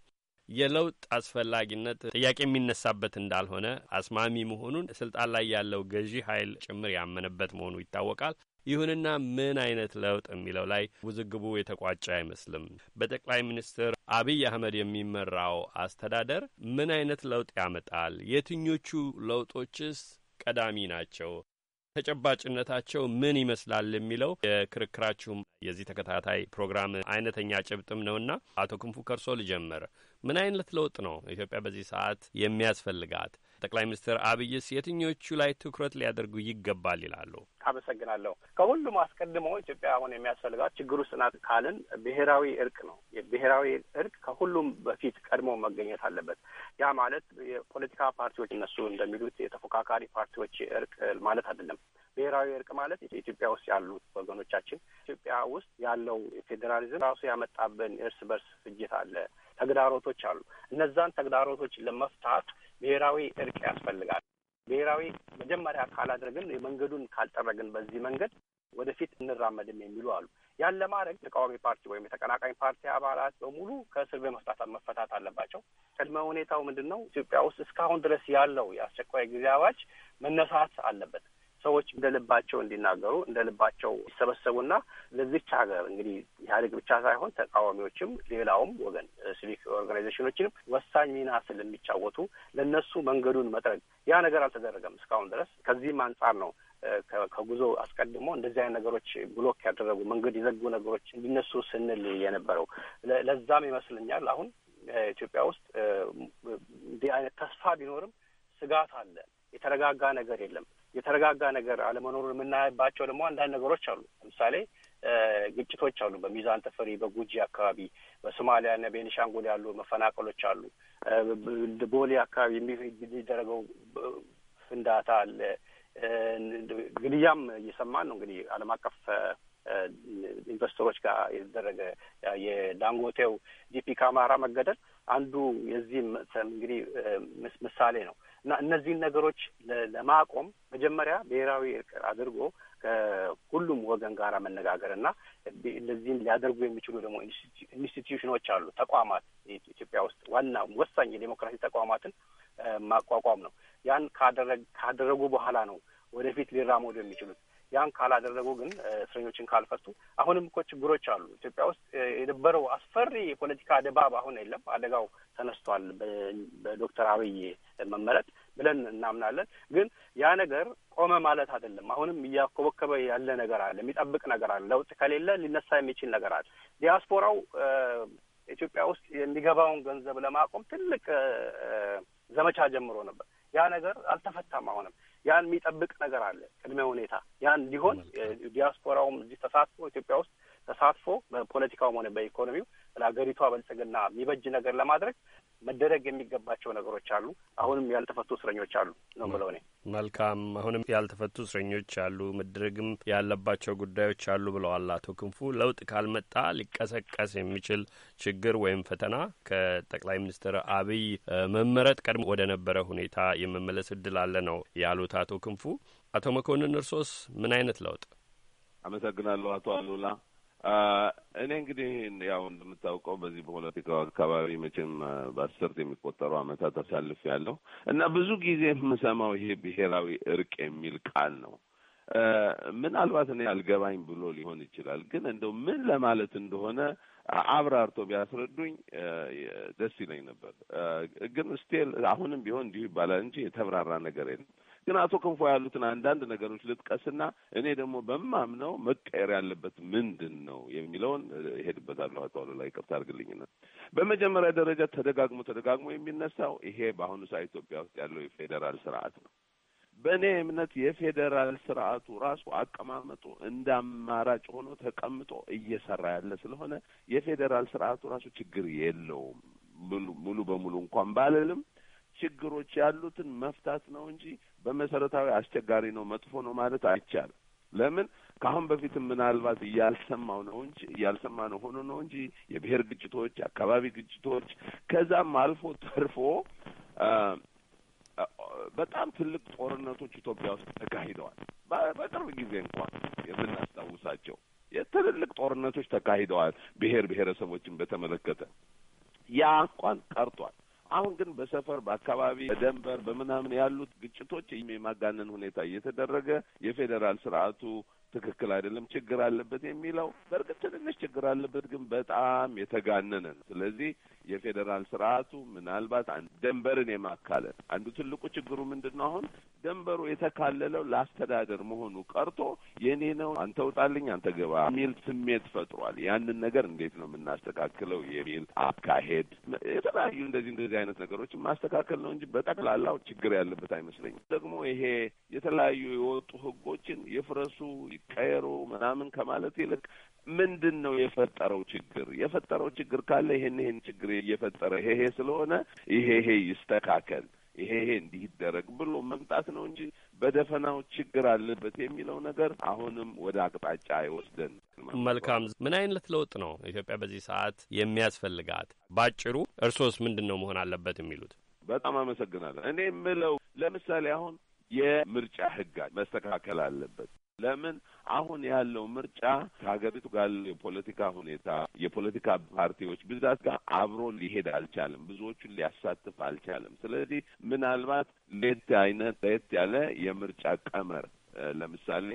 Speaker 8: የለውጥ አስፈላጊነት ጥያቄ የሚነሳበት እንዳልሆነ አስማሚ መሆኑን ስልጣን ላይ ያለው ገዢ ኃይል ጭምር ያመነበት መሆኑ ይታወቃል። ይሁንና ምን አይነት ለውጥ የሚለው ላይ ውዝግቡ የተቋጨ አይመስልም። በጠቅላይ ሚኒስትር አብይ አህመድ የሚመራው አስተዳደር ምን አይነት ለውጥ ያመጣል? የትኞቹ ለውጦችስ ቀዳሚ ናቸው? ተጨባጭነታቸው ምን ይመስላል የሚለው የክርክራችሁም የዚህ ተከታታይ ፕሮግራም አይነተኛ ጭብጥም ነውና አቶ ክንፉ ከርሶ ልጀምር። ምን አይነት ለውጥ ነው ኢትዮጵያ በዚህ ሰዓት የሚያስፈልጋት? ጠቅላይ ሚኒስትር አብይስ የትኞቹ ላይ ትኩረት ሊያደርጉ ይገባል ይላሉ?
Speaker 10: አመሰግናለሁ። ከሁሉም አስቀድሞ ኢትዮጵያ አሁን የሚያስፈልጋት ችግር ውስጥ ናት ካልን ብሔራዊ እርቅ ነው። ብሔራዊ እርቅ ከሁሉም በፊት ቀድሞ መገኘት አለበት። ያ ማለት የፖለቲካ ፓርቲዎች እነሱ እንደሚሉት የተፎካካሪ ፓርቲዎች እርቅ ማለት አይደለም። ብሔራዊ እርቅ ማለት ኢትዮጵያ ውስጥ ያሉት ወገኖቻችን ኢትዮጵያ ውስጥ ያለው ፌዴራሊዝም ራሱ ያመጣብን እርስ በርስ ፍጅት አለ፣ ተግዳሮቶች አሉ። እነዛን ተግዳሮቶች ለመፍታት ብሔራዊ እርቅ ያስፈልጋል። ብሔራዊ መጀመሪያ ካላደረግን የመንገዱን ካልጠረግን በዚህ መንገድ ወደፊት እንራመድም የሚሉ አሉ። ያን ለማድረግ ተቃዋሚ ፓርቲ ወይም የተቀናቃኝ ፓርቲ አባላት በሙሉ ከእስር በመፍታት መፈታት አለባቸው። ቅድመ ሁኔታው ምንድን ነው? ኢትዮጵያ ውስጥ እስካሁን ድረስ ያለው የአስቸኳይ ጊዜ አዋጅ መነሳት አለበት። ሰዎች እንደ ልባቸው እንዲናገሩ እንደ ልባቸው ይሰበሰቡና ለዚች ሀገር እንግዲህ ኢህአዴግ ብቻ ሳይሆን ተቃዋሚዎችም፣ ሌላውም ወገን ሲቪክ ኦርጋናይዜሽኖችንም ወሳኝ ሚና ስለሚጫወቱ ለነሱ መንገዱን መጥረግ ያ ነገር አልተደረገም እስካሁን ድረስ። ከዚህም አንጻር ነው ከጉዞ አስቀድሞ እንደዚህ አይነት ነገሮች ብሎክ ያደረጉ መንገድ የዘጉ ነገሮች እንዲነሱ ስንል የነበረው። ለዛም ይመስለኛል አሁን ኢትዮጵያ ውስጥ እንዲህ አይነት ተስፋ ቢኖርም ስጋት አለ። የተረጋጋ ነገር የለም። የተረጋጋ ነገር አለመኖሩን የምናይባቸው ደግሞ አንዳንድ ነገሮች አሉ። ለምሳሌ ግጭቶች አሉ። በሚዛን ተፈሪ፣ በጉጂ አካባቢ፣ በሶማሊያ እና ቤኒሻንጉል ያሉ መፈናቀሎች አሉ። ቦሌ አካባቢ የሚደረገው ፍንዳታ አለ። ግድያም እየሰማን ነው። እንግዲህ ዓለም አቀፍ ኢንቨስተሮች ጋር የተደረገ የዳንጎቴው ዲፒ ካማራ መገደል አንዱ የዚህም እንግዲህ ምሳሌ ነው። እና እነዚህን ነገሮች ለማቆም መጀመሪያ ብሔራዊ እርቅ አድርጎ ከሁሉም ወገን ጋር መነጋገር እና እነዚህን ሊያደርጉ የሚችሉ ደግሞ ኢንስቲትዩሽኖች አሉ፣ ተቋማት ኢትዮጵያ ውስጥ ዋና ወሳኝ የዴሞክራሲ ተቋማትን ማቋቋም ነው። ያን ካደረጉ በኋላ ነው ወደፊት ሊራመዱ የሚችሉት። ያን ካላደረጉ ግን እስረኞችን ካልፈቱ አሁንም እኮ ችግሮች አሉ። ኢትዮጵያ ውስጥ የነበረው አስፈሪ የፖለቲካ ድባብ አሁን የለም። አደጋው ተነስቷል በዶክተር አብይ መመረጥ ብለን እናምናለን። ግን ያ ነገር ቆመ ማለት አይደለም። አሁንም እያኮበከበ ያለ ነገር አለ፣ የሚጠብቅ ነገር አለ። ለውጥ ከሌለ ሊነሳ የሚችል ነገር አለ። ዲያስፖራው ኢትዮጵያ ውስጥ የሚገባውን ገንዘብ ለማቆም ትልቅ ዘመቻ ጀምሮ ነበር። ያ ነገር አልተፈታም። አሁንም ያን የሚጠብቅ ነገር አለ። ቅድመ ሁኔታ ያን እንዲሆን ዲያስፖራውም እዚህ ተሳትፎ ኢትዮጵያ ውስጥ ተሳትፎ በፖለቲካውም ሆነ በኢኮኖሚው ለሀገሪቷ ብልጽግና የሚበጅ ነገር ለማድረግ መደረግ የሚገባቸው ነገሮች አሉ። አሁንም ያልተፈቱ እስረኞች አሉ ነው ብለው እኔ
Speaker 8: መልካም፣ አሁንም ያልተፈቱ እስረኞች አሉ፣ መደረግም ያለባቸው ጉዳዮች አሉ ብለዋል አቶ ክንፉ። ለውጥ ካልመጣ ሊቀሰቀስ የሚችል ችግር ወይም ፈተና ከጠቅላይ ሚኒስትር አብይ መመረጥ ቀድሞ ወደ ነበረ ሁኔታ የመመለስ እድል አለ ነው ያሉት አቶ ክንፉ። አቶ መኮንን እርሶስ ምን አይነት ለውጥ?
Speaker 9: አመሰግናለሁ አቶ አሉላ። እኔ እንግዲህ ያው እንደምታውቀው በዚህ በፖለቲካው አካባቢ መቼም በአስርት የሚቆጠሩ ዓመታት አሳልፍ ያለው እና ብዙ ጊዜ የምሰማው ይሄ ብሔራዊ እርቅ የሚል ቃል ነው። ምናልባት እኔ አልገባኝ ብሎ ሊሆን ይችላል፣ ግን እንደው ምን ለማለት እንደሆነ አብራርቶ ቢያስረዱኝ ደስ ይለኝ ነበር። ግን ስቴል አሁንም ቢሆን እንዲሁ ይባላል እንጂ የተብራራ ነገር የለም። ግን አቶ ክንፎ ያሉትን አንዳንድ ነገሮች ልጥቀስና እኔ ደግሞ በማምነው መቀየር ያለበት ምንድን ነው የሚለውን እሄድበታለሁ። አቶ አሉላ ይቅርታ አድርግልኝና በመጀመሪያ ደረጃ ተደጋግሞ ተደጋግሞ የሚነሳው ይሄ በአሁኑ ሰዓት ኢትዮጵያ ውስጥ ያለው የፌዴራል ስርዓት ነው። በእኔ እምነት የፌዴራል ስርዓቱ ራሱ አቀማመጡ እንደ አማራጭ ሆኖ ተቀምጦ እየሰራ ያለ ስለሆነ የፌዴራል ስርዓቱ ራሱ ችግር የለውም ሙሉ በሙሉ እንኳን ባልልም ችግሮች ያሉትን መፍታት ነው እንጂ በመሰረታዊ አስቸጋሪ ነው፣ መጥፎ ነው ማለት አይቻልም። ለምን ከአሁን በፊት ምናልባት እያልሰማው ነው እንጂ እያልሰማ ነው ሆኖ ነው እንጂ የብሔር ግጭቶች፣ የአካባቢ ግጭቶች ከዛም አልፎ ተርፎ በጣም ትልቅ ጦርነቶች ኢትዮጵያ ውስጥ ተካሂደዋል። በቅርብ ጊዜ እንኳን የምናስታውሳቸው የትልልቅ ጦርነቶች ተካሂደዋል። ብሔር ብሔረሰቦችን በተመለከተ ያ እንኳን ቀርቷል። አሁን ግን በሰፈር በአካባቢ በደንበር በምናምን ያሉት ግጭቶች የማጋነን ሁኔታ እየተደረገ የፌዴራል ስርዓቱ ትክክል አይደለም፣ ችግር አለበት የሚለው በእርግጥ ትንንሽ ችግር አለበት፣ ግን በጣም የተጋነነ ነው። ስለዚህ የፌዴራል ስርዓቱ ምናልባት ደንበርን የማካለል አንዱ ትልቁ ችግሩ ምንድን ነው? አሁን ደንበሩ የተካለለው ለአስተዳደር መሆኑ ቀርቶ የኔ ነው አንተ ውጣልኝ አንተ ገባ የሚል ስሜት ፈጥሯል። ያንን ነገር እንዴት ነው የምናስተካክለው የሚል አካሄድ፣ የተለያዩ እንደዚህ እንደዚህ አይነት ነገሮችን ማስተካከል ነው እንጂ በጠቅላላው ችግር ያለበት አይመስለኝም። ደግሞ ይሄ የተለያዩ የወጡ ህጎችን ይፍረሱ ይቀየሩ ምናምን ከማለት ይልቅ ምንድን ነው የፈጠረው ችግር? የፈጠረው ችግር ካለ ይሄን ይሄን ችግር እየፈጠረ ይሄ ይሄ ስለሆነ ይሄ ይሄ ይስተካከል ይሄ ይሄ እንዲህ ይደረግ ብሎ መምጣት ነው እንጂ በደፈናው ችግር አለበት የሚለው ነገር አሁንም ወደ አቅጣጫ አይወስደን።
Speaker 8: መልካም። ምን አይነት ለውጥ ነው ኢትዮጵያ በዚህ ሰዓት የሚያስፈልጋት? ባጭሩ እርሶስ ምንድን ነው መሆን አለበት የሚሉት?
Speaker 9: በጣም አመሰግናለሁ። እኔ ምለው ለምሳሌ አሁን
Speaker 8: የምርጫ ህጋ መስተካከል አለበት።
Speaker 9: ለምን አሁን ያለው ምርጫ ከሀገሪቱ ጋር የፖለቲካ ሁኔታ የፖለቲካ ፓርቲዎች ብዛት ጋር አብሮ ሊሄድ አልቻለም። ብዙዎቹን ሊያሳትፍ አልቻለም። ስለዚህ ምናልባት ሌት አይነት ለየት ያለ የምርጫ ቀመር ለምሳሌ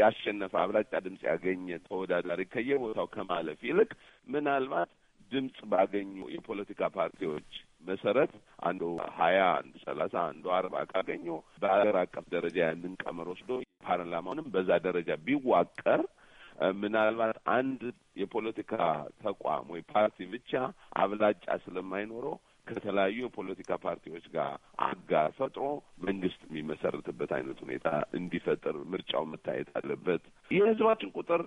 Speaker 9: ያሸነፈ አብላጫ ድምጽ ያገኘ ተወዳዳሪ ከየቦታው ከማለፍ ይልቅ ምናልባት ድምጽ ባገኙ የፖለቲካ ፓርቲዎች መሰረት አንዱ ሀያ አንዱ ሰላሳ አንዱ አርባ ካገኘ በሀገር አቀፍ ደረጃ ያንን ቀመር ወስዶ ፓርላማውንም በዛ ደረጃ ቢዋቀር ምናልባት አንድ የፖለቲካ ተቋም ወይ ፓርቲ ብቻ አብላጫ ስለማይኖረው ከተለያዩ የፖለቲካ ፓርቲዎች ጋር አጋር ፈጥሮ መንግስት የሚመሰርትበት አይነት ሁኔታ እንዲፈጠር ምርጫው መታየት አለበት። የህዝባችን ቁጥር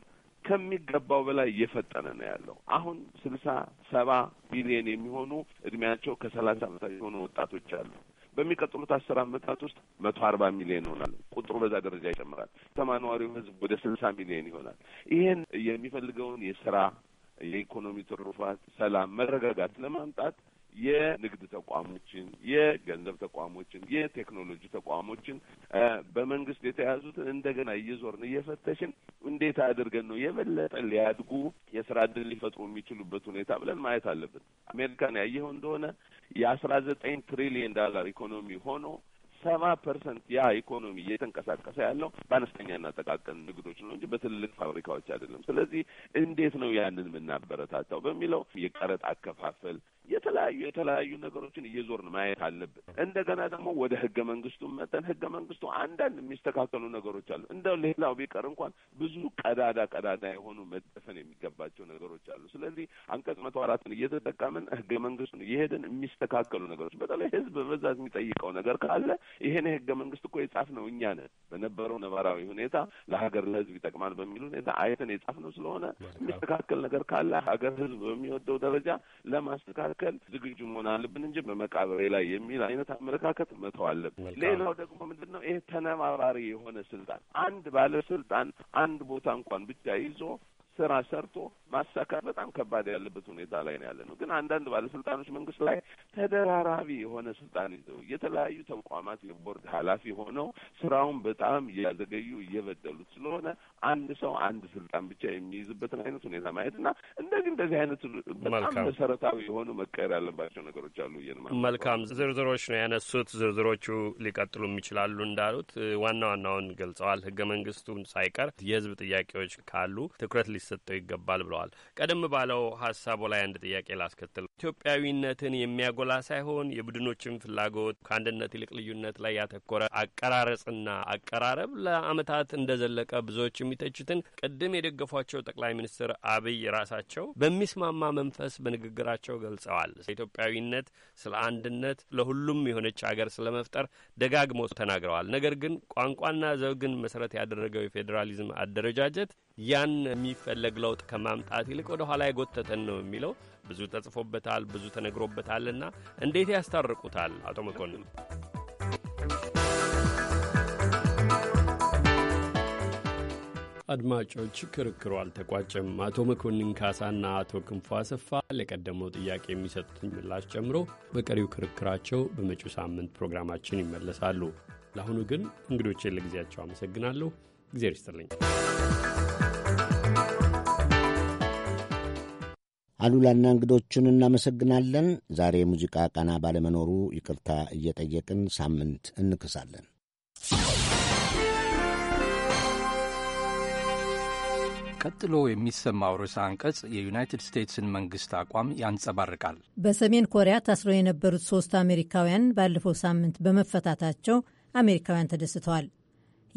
Speaker 9: ከሚገባው በላይ እየፈጠነ ነው ያለው። አሁን ስልሳ ሰባ ቢሊየን የሚሆኑ እድሜያቸው ከሰላሳ በታች የሆኑ ወጣቶች አሉ። በሚቀጥሉት አስር ዓመታት ውስጥ መቶ አርባ ሚሊዮን ይሆናል። ቁጥሩ በዛ ደረጃ ይጨምራል። ከተማ ነዋሪው ህዝብ ወደ ስልሳ ሚሊዮን ይሆናል። ይህን የሚፈልገውን የስራ የኢኮኖሚ ትሩፋት፣ ሰላም፣ መረጋጋት ለማምጣት የንግድ ተቋሞችን፣ የገንዘብ ተቋሞችን፣ የቴክኖሎጂ ተቋሞችን በመንግስት የተያዙትን እንደገና እየዞርን እየፈተሽን እንዴት አድርገን ነው የበለጠ ሊያድጉ የስራ እድል ሊፈጥሩ የሚችሉበት ሁኔታ ብለን ማየት አለብን። አሜሪካን ያየኸው እንደሆነ የአስራ ዘጠኝ ትሪሊየን ዳላር ኢኮኖሚ ሆኖ ሰባ ፐርሰንት ያ ኢኮኖሚ እየተንቀሳቀሰ ያለው በአነስተኛና ጥቃቅን ንግዶች ነው እንጂ በትልልቅ ፋብሪካዎች አይደለም። ስለዚህ እንዴት ነው ያንን የምናበረታታው በሚለው የቀረጥ አከፋፈል የተለያዩ የተለያዩ ነገሮችን እየዞርን ማየት አለብን። እንደገና ደግሞ ወደ ህገ መንግስቱ መጠን ህገ መንግስቱ አንዳንድ የሚስተካከሉ ነገሮች አሉ። እንደ ሌላው ቢቀር እንኳን ብዙ ቀዳዳ ቀዳዳ የሆኑ መደፈን የሚገባቸው ነገሮች አሉ። ስለዚህ አንቀጽ መቶ አራትን እየተጠቀምን ህገ መንግስቱን እየሄድን የሚስተካከሉ ነገሮች በተለይ ህዝብ በበዛት የሚጠይቀው ነገር ካለ ይሄን ህገ መንግስት እኮ የጻፍነው እኛ ነን በነበረው ነባራዊ ሁኔታ ለሀገር ለህዝብ ይጠቅማል በሚል ሁኔታ አይተን የጻፍነው ስለሆነ የሚስተካከል ነገር ካለ ሀገር ህዝብ በሚወደው ደረጃ ለማስተካከል መካከል ዝግጁ መሆን አለብን እንጂ በመቃብሬ ላይ የሚል አይነት አመለካከት መተው አለብን። ሌላው ደግሞ ምንድን ነው ይሄ ተነባባሪ የሆነ ስልጣን አንድ ባለስልጣን አንድ ቦታ እንኳን ብቻ ይዞ ስራ ሰርቶ ማሳካት በጣም ከባድ ያለበት ሁኔታ ላይ ነው ያለ ነው። ግን አንዳንድ ባለስልጣኖች መንግስት ላይ ተደራራቢ የሆነ ስልጣን ይዘው የተለያዩ ተቋማት የቦርድ ኃላፊ ሆነው ስራውን በጣም እያዘገዩ እየበደሉት ስለሆነ አንድ ሰው አንድ ስልጣን ብቻ የሚይዝበትን አይነት ሁኔታ ማየት እና እንደዚህ እንደዚህ አይነት በጣም መሰረታዊ የሆኑ መቀየር ያለባቸው ነገሮች አሉ።
Speaker 8: መልካም ዝርዝሮች ነው ያነሱት። ዝርዝሮቹ ሊቀጥሉም ይችላሉ እንዳሉት ዋና ዋናውን ገልጸዋል። ህገ መንግስቱን ሳይቀር የህዝብ ጥያቄዎች ካሉ ትኩረት ሊሰ ሊሰጠው ይገባል ብለዋል። ቀደም ባለው ሀሳቡ ላይ አንድ ጥያቄ ላስከትል። ኢትዮጵያዊነትን የሚያጎላ ሳይሆን የቡድኖችን ፍላጎት ከአንድነት ይልቅ ልዩነት ላይ ያተኮረ አቀራረጽና አቀራረብ ለዓመታት እንደዘለቀ ብዙዎች የሚተቹትን ቅድም የደገፏቸው ጠቅላይ ሚኒስትር አብይ ራሳቸው በሚስማማ መንፈስ በንግግራቸው ገልጸዋል። ኢትዮጵያዊነት ስለ አንድነት ለሁሉም የሆነች ሀገር ስለመፍጠር ደጋግመው ተናግረዋል። ነገር ግን ቋንቋና ዘውግን መሰረት ያደረገው የፌዴራሊዝም አደረጃጀት ያን የሚፈለግ ለውጥ ከማምጣት ይልቅ ወደ ኋላ የጎተተን ነው የሚለው ብዙ ተጽፎበታል፣ ብዙ ተነግሮበታል። እንዴት ያስታርቁታል አቶ መኮንን? አድማጮች፣ ክርክሩ አልተቋጨም። አቶ መኮንን ካሳና አቶ ክንፎ አሰፋ ለቀደመው ጥያቄ የሚሰጡትን ምላሽ ጨምሮ በቀሪው ክርክራቸው በመጪው ሳምንት ፕሮግራማችን ይመለሳሉ። ለአሁኑ ግን እንግዶቼን ለጊዜያቸው አመሰግናለሁ። እግዜር ይስጥልኝ።
Speaker 1: አሉላና እንግዶቹን እናመሰግናለን። ዛሬ የሙዚቃ ቃና ባለመኖሩ ይቅርታ እየጠየቅን ሳምንት እንክሳለን።
Speaker 10: ቀጥሎ የሚሰማው ርዕሰ አንቀጽ የዩናይትድ ስቴትስን መንግስት አቋም ያንጸባርቃል።
Speaker 2: በሰሜን ኮሪያ ታስረው የነበሩት ሶስት አሜሪካውያን ባለፈው ሳምንት በመፈታታቸው አሜሪካውያን ተደስተዋል።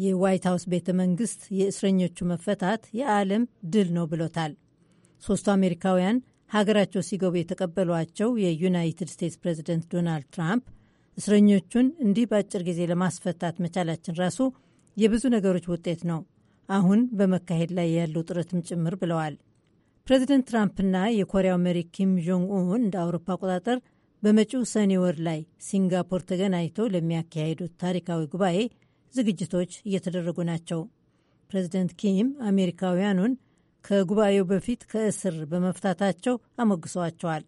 Speaker 2: የዋይት ሀውስ ቤተ መንግስት የእስረኞቹ መፈታት የዓለም ድል ነው ብሎታል። ሶስቱ አሜሪካውያን ሀገራቸው ሲገቡ የተቀበሏቸው የዩናይትድ ስቴትስ ፕሬዚደንት ዶናልድ ትራምፕ እስረኞቹን እንዲህ በአጭር ጊዜ ለማስፈታት መቻላችን ራሱ የብዙ ነገሮች ውጤት ነው፣ አሁን በመካሄድ ላይ ያለው ጥረትም ጭምር ብለዋል። ፕሬዚደንት ትራምፕና የኮሪያው መሪ ኪም ጆንግ ኡን እንደ አውሮፓ አቆጣጠር በመጪው ሰኔ ወር ላይ ሲንጋፖር ተገናኝተው ለሚያካሄዱት ታሪካዊ ጉባኤ ዝግጅቶች እየተደረጉ ናቸው። ፕሬዚደንት ኪም አሜሪካውያኑን ከጉባኤው በፊት ከእስር በመፍታታቸው አሞግሰዋቸዋል።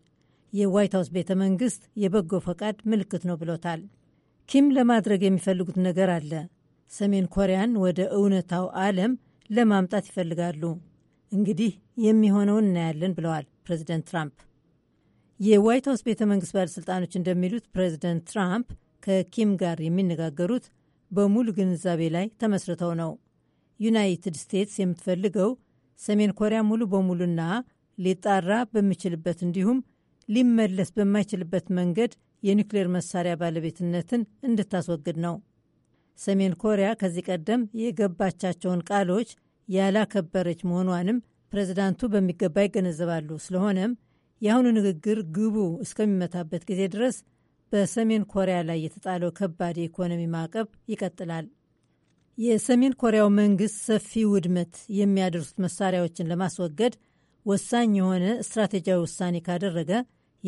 Speaker 2: የዋይት ሀውስ ቤተ መንግስት የበጎ ፈቃድ ምልክት ነው ብሎታል። ኪም ለማድረግ የሚፈልጉት ነገር አለ። ሰሜን ኮሪያን ወደ እውነታው ዓለም ለማምጣት ይፈልጋሉ። እንግዲህ የሚሆነውን እናያለን ብለዋል ፕሬዚደንት ትራምፕ። የዋይት ሀውስ ቤተ መንግስት ባለሥልጣኖች እንደሚሉት ፕሬዚደንት ትራምፕ ከኪም ጋር የሚነጋገሩት በሙሉ ግንዛቤ ላይ ተመስርተው ነው። ዩናይትድ ስቴትስ የምትፈልገው ሰሜን ኮሪያ ሙሉ በሙሉና ሊጣራ በሚችልበት እንዲሁም ሊመለስ በማይችልበት መንገድ የኒውክሌር መሳሪያ ባለቤትነትን እንድታስወግድ ነው። ሰሜን ኮሪያ ከዚህ ቀደም የገባቻቸውን ቃሎች ያላከበረች መሆኗንም ፕሬዚዳንቱ በሚገባ ይገነዘባሉ። ስለሆነም የአሁኑ ንግግር ግቡ እስከሚመታበት ጊዜ ድረስ በሰሜን ኮሪያ ላይ የተጣለው ከባድ የኢኮኖሚ ማዕቀብ ይቀጥላል። የሰሜን ኮሪያው መንግስት ሰፊ ውድመት የሚያደርሱት መሳሪያዎችን ለማስወገድ ወሳኝ የሆነ ስትራቴጂያዊ ውሳኔ ካደረገ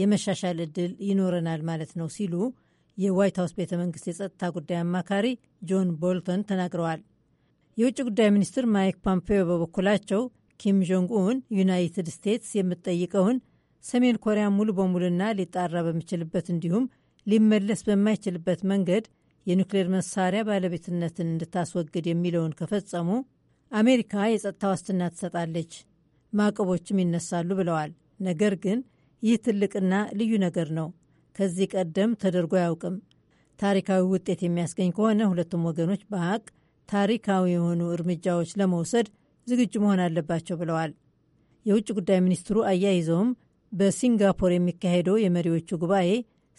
Speaker 2: የመሻሻል ዕድል ይኖረናል ማለት ነው ሲሉ የዋይት ሀውስ ቤተ መንግስት የጸጥታ ጉዳይ አማካሪ ጆን ቦልተን ተናግረዋል። የውጭ ጉዳይ ሚኒስትር ማይክ ፖምፔዮ በበኩላቸው ኪም ጆንግ ኡን ዩናይትድ ስቴትስ የምትጠይቀውን ሰሜን ኮሪያ ሙሉ በሙሉና ሊጣራ በሚችልበት እንዲሁም ሊመለስ በማይችልበት መንገድ የኒውክሌር መሳሪያ ባለቤትነትን እንድታስወግድ የሚለውን ከፈጸሙ አሜሪካ የጸጥታ ዋስትና ትሰጣለች፣ ማዕቀቦችም ይነሳሉ ብለዋል። ነገር ግን ይህ ትልቅና ልዩ ነገር ነው። ከዚህ ቀደም ተደርጎ አያውቅም። ታሪካዊ ውጤት የሚያስገኝ ከሆነ ሁለቱም ወገኖች በሀቅ ታሪካዊ የሆኑ እርምጃዎች ለመውሰድ ዝግጁ መሆን አለባቸው ብለዋል። የውጭ ጉዳይ ሚኒስትሩ አያይዘውም በሲንጋፖር የሚካሄደው የመሪዎቹ ጉባኤ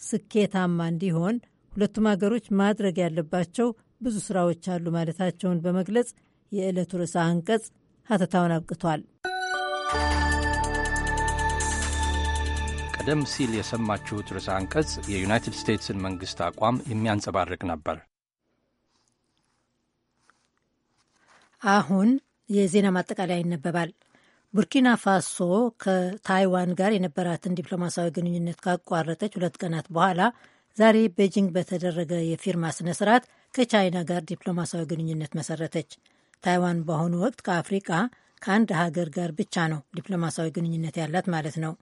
Speaker 2: ስኬታማ እንዲሆን ሁለቱም ሀገሮች ማድረግ ያለባቸው ብዙ ስራዎች አሉ ማለታቸውን በመግለጽ የዕለቱ ርዕሰ አንቀጽ ሀተታውን አብቅቷል።
Speaker 10: ቀደም ሲል የሰማችሁት ርዕሰ አንቀጽ የዩናይትድ ስቴትስን መንግስት አቋም የሚያንጸባርቅ ነበር።
Speaker 2: አሁን የዜና ማጠቃለያ ይነበባል። ቡርኪና ፋሶ ከታይዋን ጋር የነበራትን ዲፕሎማሲያዊ ግንኙነት ካቋረጠች ሁለት ቀናት በኋላ ዛሬ ቤጂንግ በተደረገ የፊርማ ስነ ስርዓት ከቻይና ጋር ዲፕሎማሲያዊ ግንኙነት መሰረተች። ታይዋን በአሁኑ ወቅት ከአፍሪቃ ከአንድ ሀገር ጋር ብቻ ነው ዲፕሎማሲያዊ ግንኙነት ያላት ማለት ነው።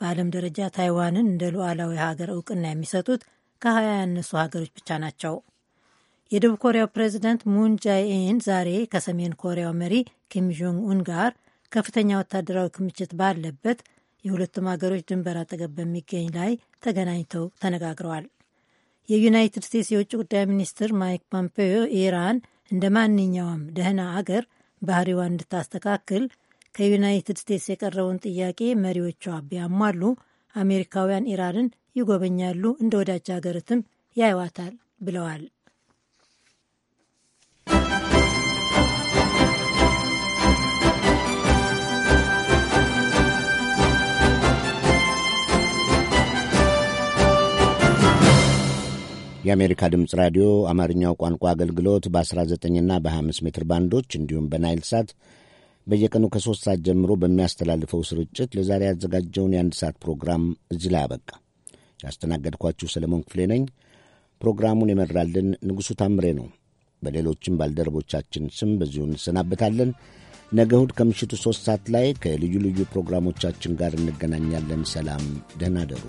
Speaker 2: በዓለም ደረጃ ታይዋንን እንደ ሉዓላዊ ሀገር እውቅና የሚሰጡት ከሀያ ያነሱ ሀገሮች ብቻ ናቸው። የደቡብ ኮሪያው ፕሬዚደንት ሙን ጃይኤን ዛሬ ከሰሜን ኮሪያው መሪ ኪም ጆንግ ኡን ጋር ከፍተኛ ወታደራዊ ክምችት ባለበት የሁለቱም ሀገሮች ድንበር አጠገብ በሚገኝ ላይ ተገናኝተው ተነጋግረዋል። የዩናይትድ ስቴትስ የውጭ ጉዳይ ሚኒስትር ማይክ ፖምፔዮ ኢራን እንደ ማንኛውም ደህና አገር ባህሪዋን እንድታስተካክል ከዩናይትድ ስቴትስ የቀረበውን ጥያቄ መሪዎቿ ቢያሟሉ አሜሪካውያን ኢራንን ይጎበኛሉ፣ እንደ ወዳጅ ሀገርትም ያይዋታል ብለዋል።
Speaker 1: የአሜሪካ ድምፅ ራዲዮ አማርኛው ቋንቋ አገልግሎት በ19ና በ25 ሜትር ባንዶች እንዲሁም በናይል ሳት በየቀኑ ከሶስት ሰዓት ጀምሮ በሚያስተላልፈው ስርጭት ለዛሬ ያዘጋጀውን የአንድ ሰዓት ፕሮግራም እዚህ ላይ አበቃ። ያስተናገድኳችሁ ሰለሞን ክፍሌ ነኝ። ፕሮግራሙን የመራልን ንጉሡ ታምሬ ነው። በሌሎችም ባልደረቦቻችን ስም በዚሁ እንሰናበታለን። ነገ እሁድ ከምሽቱ ሦስት ሰዓት ላይ ከልዩ ልዩ ፕሮግራሞቻችን ጋር እንገናኛለን። ሰላም፣ ደህና ደሩ።